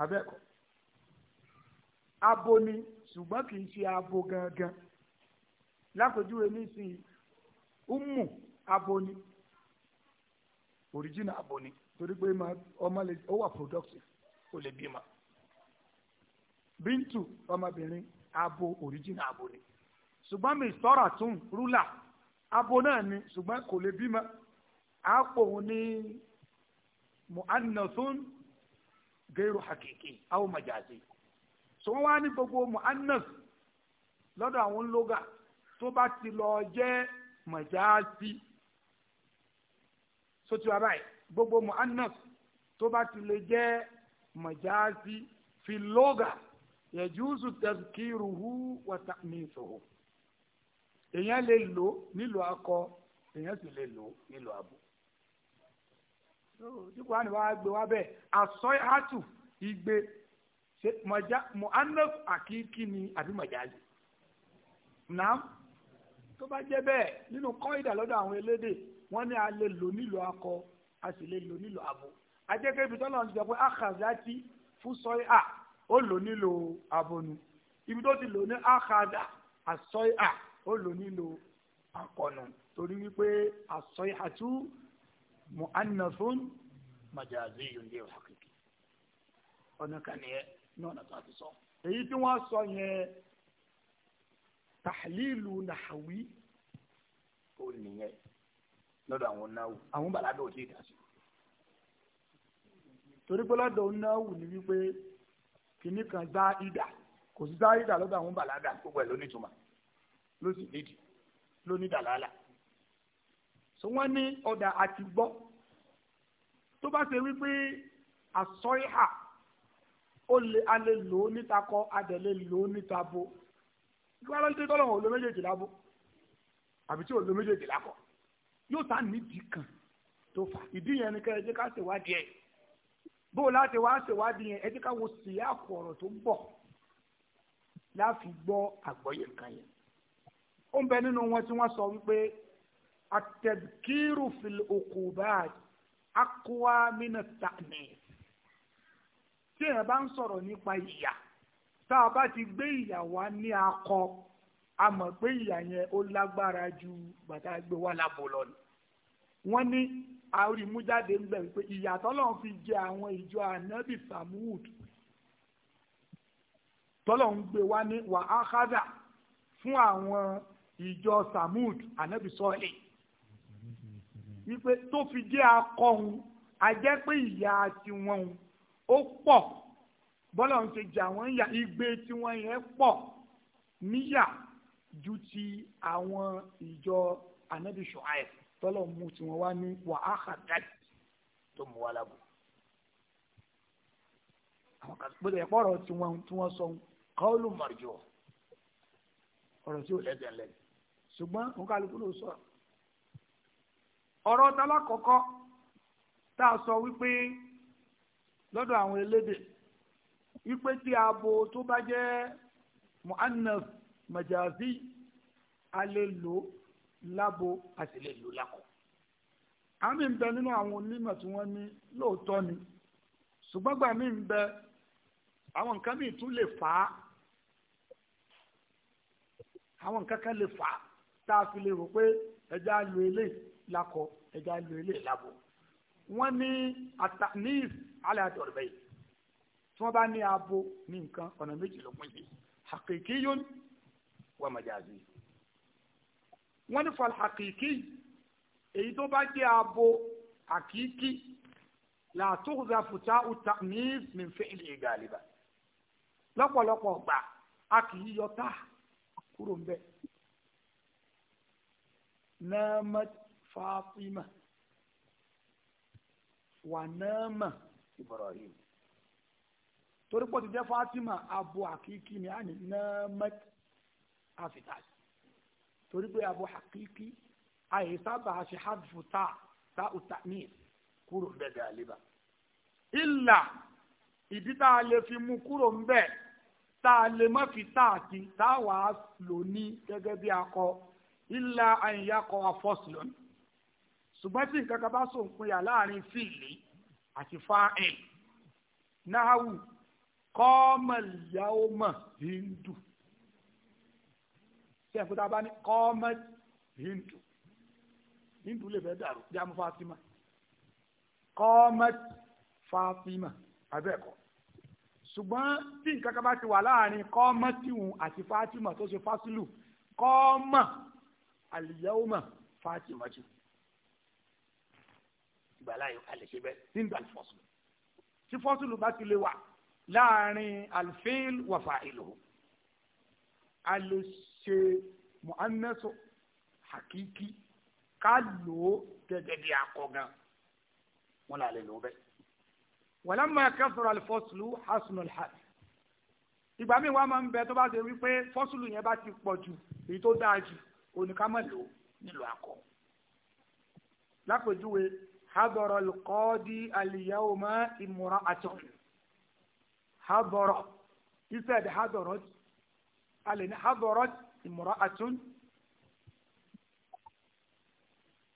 abẹ́kọ̀ abo ni ṣùgbọ́n kì í ṣe abo gangan lápèjúwe nísìnyí umu abo ni original abo ni torí pé ọmọ lè ó wà productive ó lè bímọ bíntù ọmọbìnrin abo original abo ni ṣùgbọ́n mi sọ́ra tún rúlà abo náà ni ṣùgbọ́n kò lè bímọ àpò òun ní muhannathun gairu hakiki aw majazi so wọ́n wá ní gbogbo muhannath lọ́dọ̀ àwọn lóga tó bá ti lọ jẹ́ majazi sotu abayi gbogbo muannas tó bá ti lè jẹ́ majazi fi lóga yajuzu tazkiruhu wa ta'nithuhu èèyàn lè lò nílò akọ èèyàn sì lè lò nílò abo tí kò wáni wàá gbé wá bẹ́ẹ̀ asọ́yàtù igbe muannas àkíkí ni àbí majazi naam tó bá jẹ́ bẹ́ẹ̀ nínú kọ́ ìdá àwọn elédè wọ́n ní a lè lò nílò akọ a sì lè lò nílò abo ajẹ́kẹ́ ibi tọ́lọ́ ti sọ pé akazati fúsọ́ì à ó lò nílò abo nu ibi tó ti lò ní akada asọ́ì à ó lò nílò akọ̀nà torí wípé asọ́ì àtú mu'annathun majaziyun ní hakiki ọ̀nà kan ní ọ̀nà tó a ti sọ èyí tí wọ́n sọ yẹn tahlilu nahawi ó nìyẹn lọ́dọ̀ àwọn náwó àwọn bàládọ̀ ò tí ì dá sí. torí pé lọ́dọ̀ náwó ni wípé kìnnì kan zá ìdà kò sí zá ìdà lọ́dọ̀ àwọn bàládà gbogbo ẹ̀ ló nítumọ̀ ló sì lédi ló ní dàlálà. sọ wọ́n ní ọ̀dà àti gbọ́ tó bá ṣe wípé àsọ́ìhà ó lè a lò ó níta kọ́ a lò ó níta bo. ìgbà lọ́dún tó lọ́wọ́ ò lo méjèèjì lábo àbí tí ò lo méjèèjì lákọ̀ọ́ yóò sá nídìí kan tó fà ìdí yẹn ni kẹ́rẹ́ jẹ́ ká ṣèwádìí ẹ̀ bó o láti wá ṣèwádìí yẹn ẹ jẹ́ ká wo síyá àkọ̀rọ̀ tó ń bọ̀ láti gbọ́ àgbọ́yé nǹkan yẹn ó ń bẹ nínú wọn tí wọ́n sọ wípé atẹ̀kírù fìlì òkú báyìí akọ́wá mínà tàmí tí èèyàn bá ń sọ̀rọ̀ nípa ìyà tá a bá ti gbé ìyà wá ní akọ a mọ̀ pé ìyà yẹn ó lágbára ju bàtà gbé wà lábò lọ ni wọ́n ní àrímújáde ń bẹ̀ pé ìyàtọ̀ lọ́n fi jẹ àwọn ìjọ ànábì samud tọ́lọ̀ ń gbé wá ní wàhálà fún àwọn ìjọ samud ànábì sọ́ọ̀lì wípé tó fi jẹ́ akọ́hun ajẹ́ pé ìyà tiwọn ó pọ̀ bọ́lọ̀ ń ṣe jà wọ́n ìyà igbe tiwọn yẹn pọ̀ níyà ju ti àwọn ìjọ anabi Shu'aib tọ́lọ̀ mú tiwọn wá ní wàhálà dájú tó mú wa lábò àwọn kan gbọ́dọ̀ ẹ̀pọ̀ ọ̀rọ̀ tí wọ́n tí wọ́n sọ kọ́ọ̀lù mọ̀jọ́ ọ̀rọ̀ tí ò lẹ́gbẹ̀ẹ́ lẹ́yìn ṣùgbọ́n òun kálukú ló sọ ọ̀rọ̀ tálá kọ̀ọ̀kọ́ tá a sọ wípé lọ́dọ̀ àwọn elédè wípé tí abo tó bá jẹ́ mu'annath majazi a labo lò lábo a sì lè lò lákọ. àmì ń bẹ nínú àwọn onímọ̀ tí wọ́n ní lóòótọ́ ni ṣùgbọ́n gbà mí ń bẹ àwọn nǹkan míì tún lè fà á àwọn nǹkan kan lè fà á tá a fi lè rò pé ẹja lu eléyìí lákọ ẹja lu eléyìí lábo wọ́n ní atanis alẹ́ tí wọ́n bá ní abo ní nǹkan ọ̀nà méjì ló pín sí hakikiyun ومجازي ونفع الحقيقي إذا باقي أبو حقيقي لا تغذى فتاء التأميز من فعل غالبا لقوا لقوا با أكي يطا كورون بي نامت فاطمة ونام إبراهيم تريد أن فاطمة أبو حقيقي يعني نامت afitas torí pé abu hakiki àyè sábà ṣe hadfu ta ta utami kúrò bẹ́ẹ̀ dẹ̀ àlébà ìlà ìdí tá a lè fi mú kúrò ń bẹ́ẹ̀ tá a lè má fi táàkì táwa lò ní gẹ́gẹ́ bí akọ ìlà àyìnyakọ afọ́sílọ́nì ṣùgbọ́n tí nǹkan kan bá sòǹpinya láàrin fíìlì àti fáìn náhàwù kọ́mọ̀lìyàwó mọ̀ hindu ṣe ẹ̀kúta bá ní kọ́mẹ́t hindu hindu lè fẹ́ dàrú jámù fatima kọ́mẹ́t fatima abẹ́ẹ̀kọ́ ṣùgbọ́n tí nǹkan kan bá ti wà láàrin kọ́mẹ́tìhùn àti fatima tó ṣe fásilù kọ́mà àlìyáwòmà fatima jù ìgbàláyò àlẹ́ṣẹ́ bẹ́ẹ̀ hindu àlìfọ́sùlù tí fọ́sùlù bá ti lè wà láàrin alfil wàfà ìlú a ṣe muhammedu hakiki ká lò ó gẹ́gẹ́ bí akọ̀gàn wọn làlẹ́ lò ó bẹ́ẹ̀. walamma kathura al-faslu hasuna al-hal ìgbà míì wá máa ń bẹ tó bá ṣe wípé fọ́sùlù yẹn bá ti pọ̀ jù èyí tó dáa jù oníkámọ̀ lò nílò akọ. lápèjúwe hadara al-qadi al-yawma imra'atun hadara ìṣẹ̀dẹ̀ hadara alẹ́ ní hadara امرأة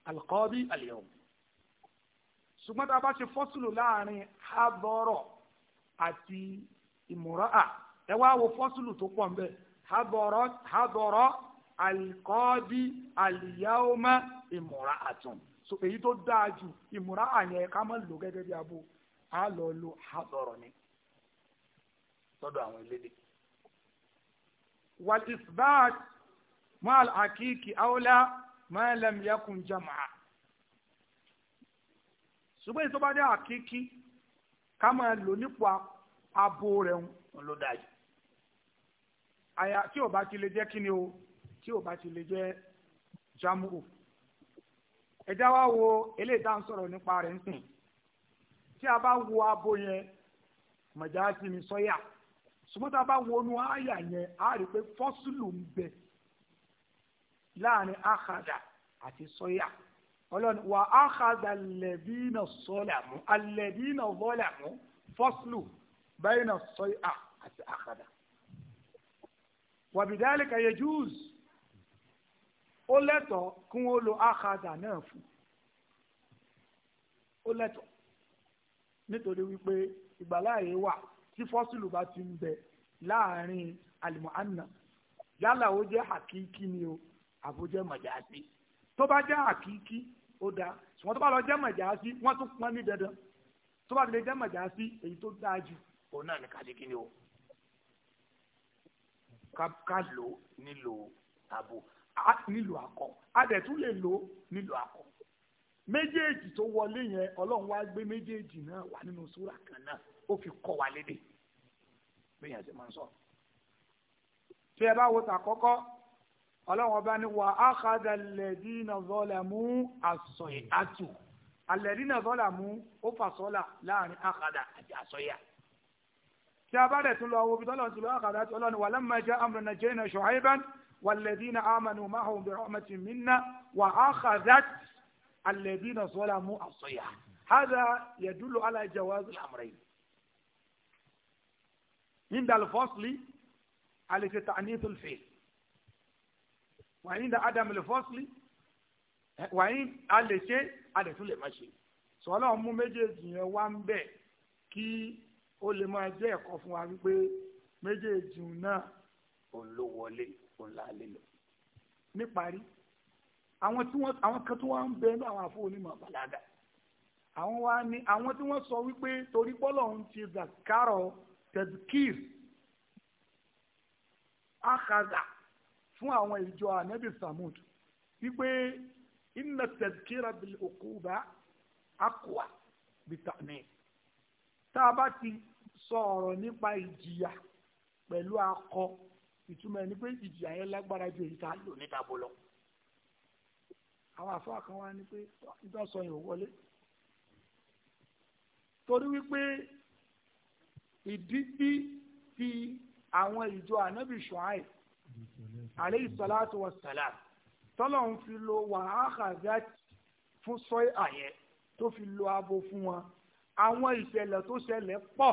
القاضي اليوم ṣùgbọ́n tá a bá ṣe fọ́sùlù láàrin hadọ́rọ̀ àti ìmúra'a ẹ wá wo fọ́sùlù tó pọ̀ nbẹ hadọ́rọ̀ alikọ́ọ́dí aliyahoma ìmúra'a tún so èyí tó dáa jù ìmúra'a yẹn ká lò gẹ́gẹ́ bí abo a lọ lo hadọ́rọ̀ ni lọ́dọ̀ àwọn elédè. والإثبات مع الحقيقي أولى ما لم يكن جمعا ṣùgbọ́n ìtọ́ba dé àkíkí ká máa lò nípò abo rẹ̀ ń lò dájú àyà tí ò bá ti lè jẹ́ kíni o tí ò bá ti lè jẹ́ jamu ẹ̀dá wa wo eléyìí tá à ń sọ̀rọ̀ nípa rẹ̀ ń sìn tí a bá wo abo yẹn mọ̀já sí mi sọ́yà. So ṣùgbọ́n tá a bá wọnú àyà yẹn a rí i pé fọ́sùlù ń bẹ láàrin àkàdà àti sọ́yà ọlọ́ni wà àkàdà lẹ́bínà sọ́làmù alẹ́bínà vọ́làmù fọ́sùlù bẹ́ẹ̀nà sọ́yà àti àkàdà. wàbìdálẹ̀ kàyé jùz ó lẹ́tọ̀ọ́ kí wọ́n lo àkàdà náà fún ó lẹ́tọ̀ọ́ nítorí wípé ìgbàláyé wà tí fọ́sílù bá ti ń bẹ láàrin alimuhanna yálà ó jẹ́ hakiki ni o àbójẹ́ mọ̀jáde tó bá jẹ́ hakiki ó da ṣùgbọ́n tó bá lọ jẹ́ mọ̀jáde wọ́n tún pọ́n ní dandan tó bá lè jẹ́ mọ̀jáde èyí tó dáa jù òun náà ní kàdíkì ni o ká lò nílò àbò nílò akọ a lè lò nílò akọ méjèèjì tó wọlé yẹn ọlọ́run wá gbé méjèèjì náà wà nínú súrà kan náà ó fi kọ́ wa lédè bẹ́ẹ̀ yẹn ti máa ń sọ. tí ẹ bá wo tàkọ́kọ́ ọlọ́run ọba ní wà á kàdà lẹ́dínà zọ́làmú àsọ̀yẹ̀ àtù àlẹ́dínà zọ́làmú ó fàsọ́là láàrin àkàdà àti àsọ̀yà tí a bá dẹ̀ tún lọ wo bí tọ́lọ́run ti lọ àkàdá tí ọlọ́run wà lamma jẹ́ amúnà jẹ́ iná ṣọ̀háìbán wàlẹ́dínà amanu máhùn bi rahmatin minna wà á kàdà الذين ظلموا الصيحة هذا يدل على جواز الأمرين عند الفصل على تعنيف الفيل وعند عدم الفصل وعند على شيء على كل ماشي sọlá ọmú méjèèjì yẹn wá ń bẹ kí ó lè máa jẹ ẹ̀kọ́ fún wa wípé méjèèjì náà òun ló wọlé òun níparí àwọn tí wọ́n àwọn kan tí wọ́n ń bẹ ní àwọn àfọ onímọ̀ àwọn wa ni àwọn tí wọ́n sọ wípé torí bọ́lọ̀ ń ti zakarọ̀ tẹ̀dùkìr àkàzà fún àwọn ìjọ ànábì samud wípé inna tẹ̀dùkìr bil uquba aqwa bìtàmì tá a bá ti sọ ọ̀rọ̀ nípa ìjìyà pẹ̀lú akọ ìtumọ̀ ẹni pé ìjìyà yẹn lágbára ju èyí tá a lò níta bọ́ àwọn àfáà kan wá ní pé nítorí sọ yẹn ò wọlé torí wípé ìdíjí ti àwọn ìjọ ànábì ṣùáì alayhi salatu wassalam tọ́lọ̀ ń fi lo wàhálà fún sọ́ì àyẹ tó fi lo abo fún wọn àwọn ìṣẹ̀lẹ̀ tó ṣẹlẹ̀ pọ̀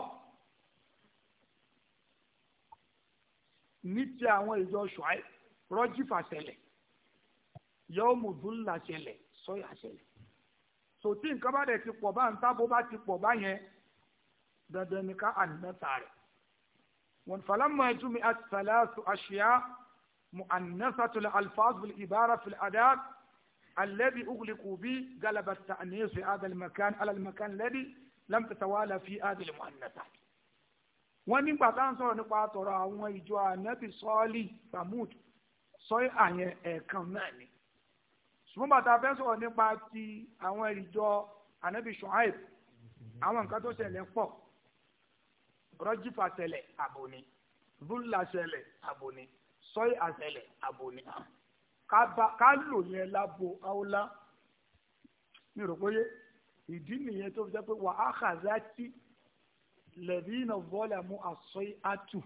ní ti àwọn ìjọ ṣùáì rọ́jí fàṣẹlẹ̀ yóò mú dúlà ṣẹlẹ̀ sọ́yà ṣẹlẹ̀ sòtí nǹkan bá dẹ̀ ti pọ̀ bá ń tábó bá ti pọ̀ bá yẹn dandan ni ká ànínẹ́ta rẹ̀ wọn falamọ ẹtùmí àtàlásù àṣìyá mu ànínẹ́sàtò alfáàzù ìbára fìlà àdá alẹ́bí ugulikù bí galabata àníyèsè adalimakan alalimakan lẹ́bí lámpẹ̀tàwálà fi adalimu ànínẹ́ta wọn nígbà tá à ń sọ̀rọ̀ nípa àtọ̀rọ̀ àwọn ìjọ ànẹ́bí sọ́ọ́lì samud sọ́yà yẹn ẹ̀ẹ̀kan náà ni ṣùgbọ́n bàtà fẹ́ sọ̀rọ̀ nípa ti àwọn ìjọ anabi shuaib àwọn nǹkan tó ṣẹlẹ̀ pọ̀ rọ́jìfà ṣẹlẹ̀ àbòní búlà ṣẹlẹ̀ àbòní sọ́yì àṣẹlẹ̀ àbòní ká lò yẹn lábo áwòlá mi rò pé ìdí nìyẹn tó fi jẹ́ pé wà á kàzá tí lẹ́bí iná bọ́ọ̀lù àmú àsọ́yì àtù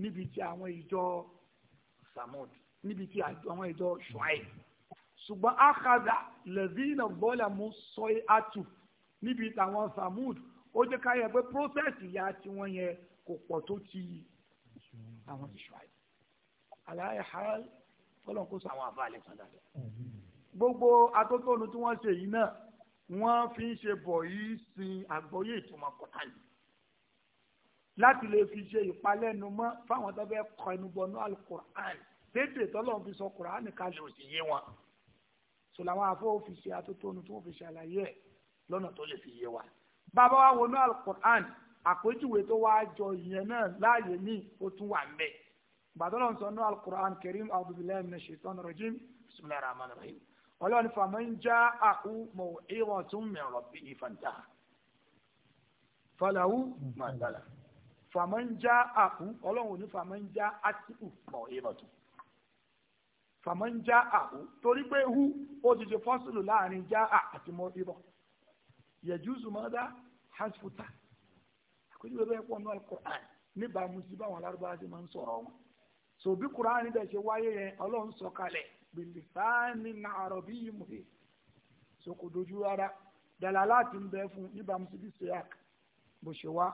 níbi tí àwọn ìjọ samud níbi tí àwọn ìjọ shuaib ṣùgbọ́n akada lẹ́zínà bọ́ọ̀là mú sọ́yé àtù níbi tàwọn samud ó jẹ́ ká yẹ pé process ya tiwọn yẹn kò pọ̀ tó ti àwọn israel aláyẹ haral fọlọ́n kó sọ àwọn àbálẹ̀ kan dáadáa gbogbo atótónu tí wọ́n ṣe yìí náà wọ́n fi ń ṣe bọ̀ yìí sin àgbọ́yé ìtumọ̀ kọ́tà yìí láti lè fi ṣe ìpalẹ́numọ́ fáwọn tó fẹ́ kọ ẹnubọnú alukur'an tètè tọ́lọ́run fi sọ kur'an kalẹ̀ òsì yé wọn so làwọn afọ òfìsì atótónu tí wọ́n fi ṣàlàyé ẹ̀ lọ́nà tó lè fi yé wa. bàbá wa wọnú alukur'an àpèjúwe tó wá jọ ìyẹn náà láàyè ní ó tún wà ńbẹ̀ gbàdúrà ń sọ nú alukur'an karim a'udhu billahi minash shaitani rajim bismillahir rahmanir rahim ọlọ́run faman ja'ahu maw'izatum min rabbihi fantaha falahu ma salaha faman ja'ahu ọlọ́run ò ní faman ja'atuhu maw'izatun fàmọ́ ń já torí pé hu ó fọ́sùlù láàrin já à àti mọ́ irọ́ yẹ̀júùsù mọ́ dá hasfuta bẹ́ẹ̀ pọ̀ ní alukur'an níbàámu sí báwọn alárúbáwá ti máa ń sọ̀rọ̀ wọn. so bí kur'an ṣe wáyé yẹn ọlọ́run sọ kalẹ̀ nàárọ̀ bí yìí mú so kò dojú ara dàlà láti ń fún bí sèyàk ṣe wá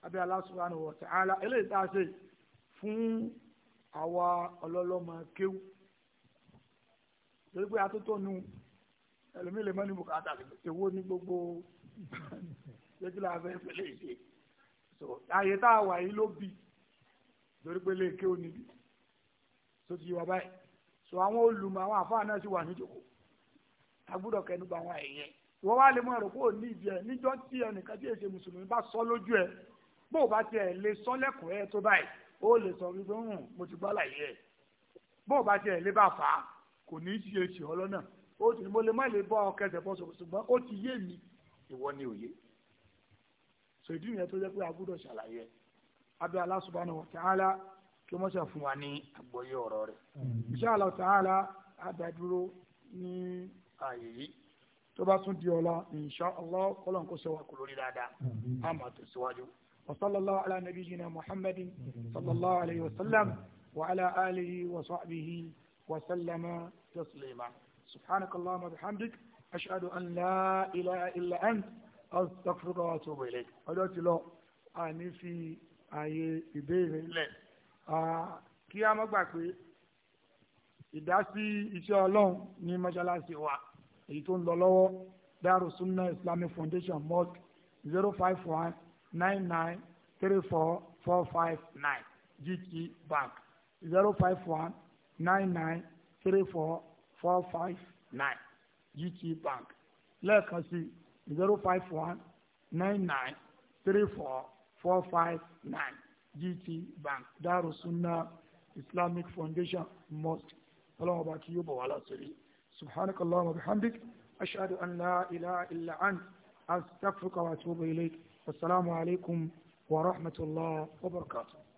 a ṣe fún àwa ọlọ́lọ́mọ kéwù. torí pé atótónu ẹlòmíì lè mọ ní bùkátà èwo ní gbogbo lójú la fẹ́ fẹ́lẹ́ ìdè so ààyè tá a wà yìí ló bì torí pé léèké ò níbi tó ti yí wa báyìí so àwọn olùmọ̀ àwọn àfáà náà sì wà níjòkó agbúdọ̀ kẹnu bá àwọn ẹ̀yẹ wọ́n wá lè mọ ẹ̀rọ kó o ní ìdí ẹ̀ níjọ́ tí ẹnìkan tí èsè mùsùlùmí bá sọ lójú ẹ̀ bó o bá tiẹ̀ lè sọ lẹ́kùnrẹ́ tó báyìí ó lè sọ wípé hmm, mo ti gbọ́ láyé ẹ̀ bó o bá tiẹ̀ lè bá fà á kò ní í ṣe ṣe ọ lọ́nà ó ti ní mo lè má lè bọ́ ọkẹsẹ̀ bọ́ sọ̀rọ̀ ṣùgbọ́n ó ti yé mi ìwọ ni òye sọ ìdí nìyẹn tó jẹ́ pé a gbọ́dọ̀ ṣàlàyé abẹ́ Allah subhanahu wa ta'ala kí wọ́n ṣe fún wa ní àgbọ́yé ọ̀rọ̀ rẹ̀ insha Allah ta'ala adádúró ní ààyè yìí tó bá tún di ọ̀la insha Allah kọ́lọ́n kó ṣe wà kó lórí dáadáa á máa tẹ̀síwájú wa sallallahu ala nabiyyina muhammadin sallallahu alayhi wa sallam wa ala alihi wa sahbihi. وسلم تسليما سبحانك اللهم وبحمدك أشهد أن لا إله إلا أنت أستغفرك وأتوب إليك ọjọ́ ti lọ àní fi ààyè ìbéèrè lẹ̀ kí a má gbà pé ìdásí iṣẹ́ ọlọ́run ní mọ́ṣáláṣí wa èyí tó ń lọ lọ́wọ́ Darus Sunnah Islamic Foundation Mosque zero five one nine nine three four four five nine GT Bank zero five one nine nine three four four five nine GT Bank lẹ́ẹ̀kan sí zero five one nine nine three four four five nine GT Bank Darussunnah Islamic Foundation Mosque ọlọ́mọba tí yóò bọ̀ wá lásìrí subhanakallahumma wa bihamdik ashhadu an la ilaha illa anta astaghfiruka wa atubu ilayk wasalaamu alaykum wa rahmatulah wa barakatuh.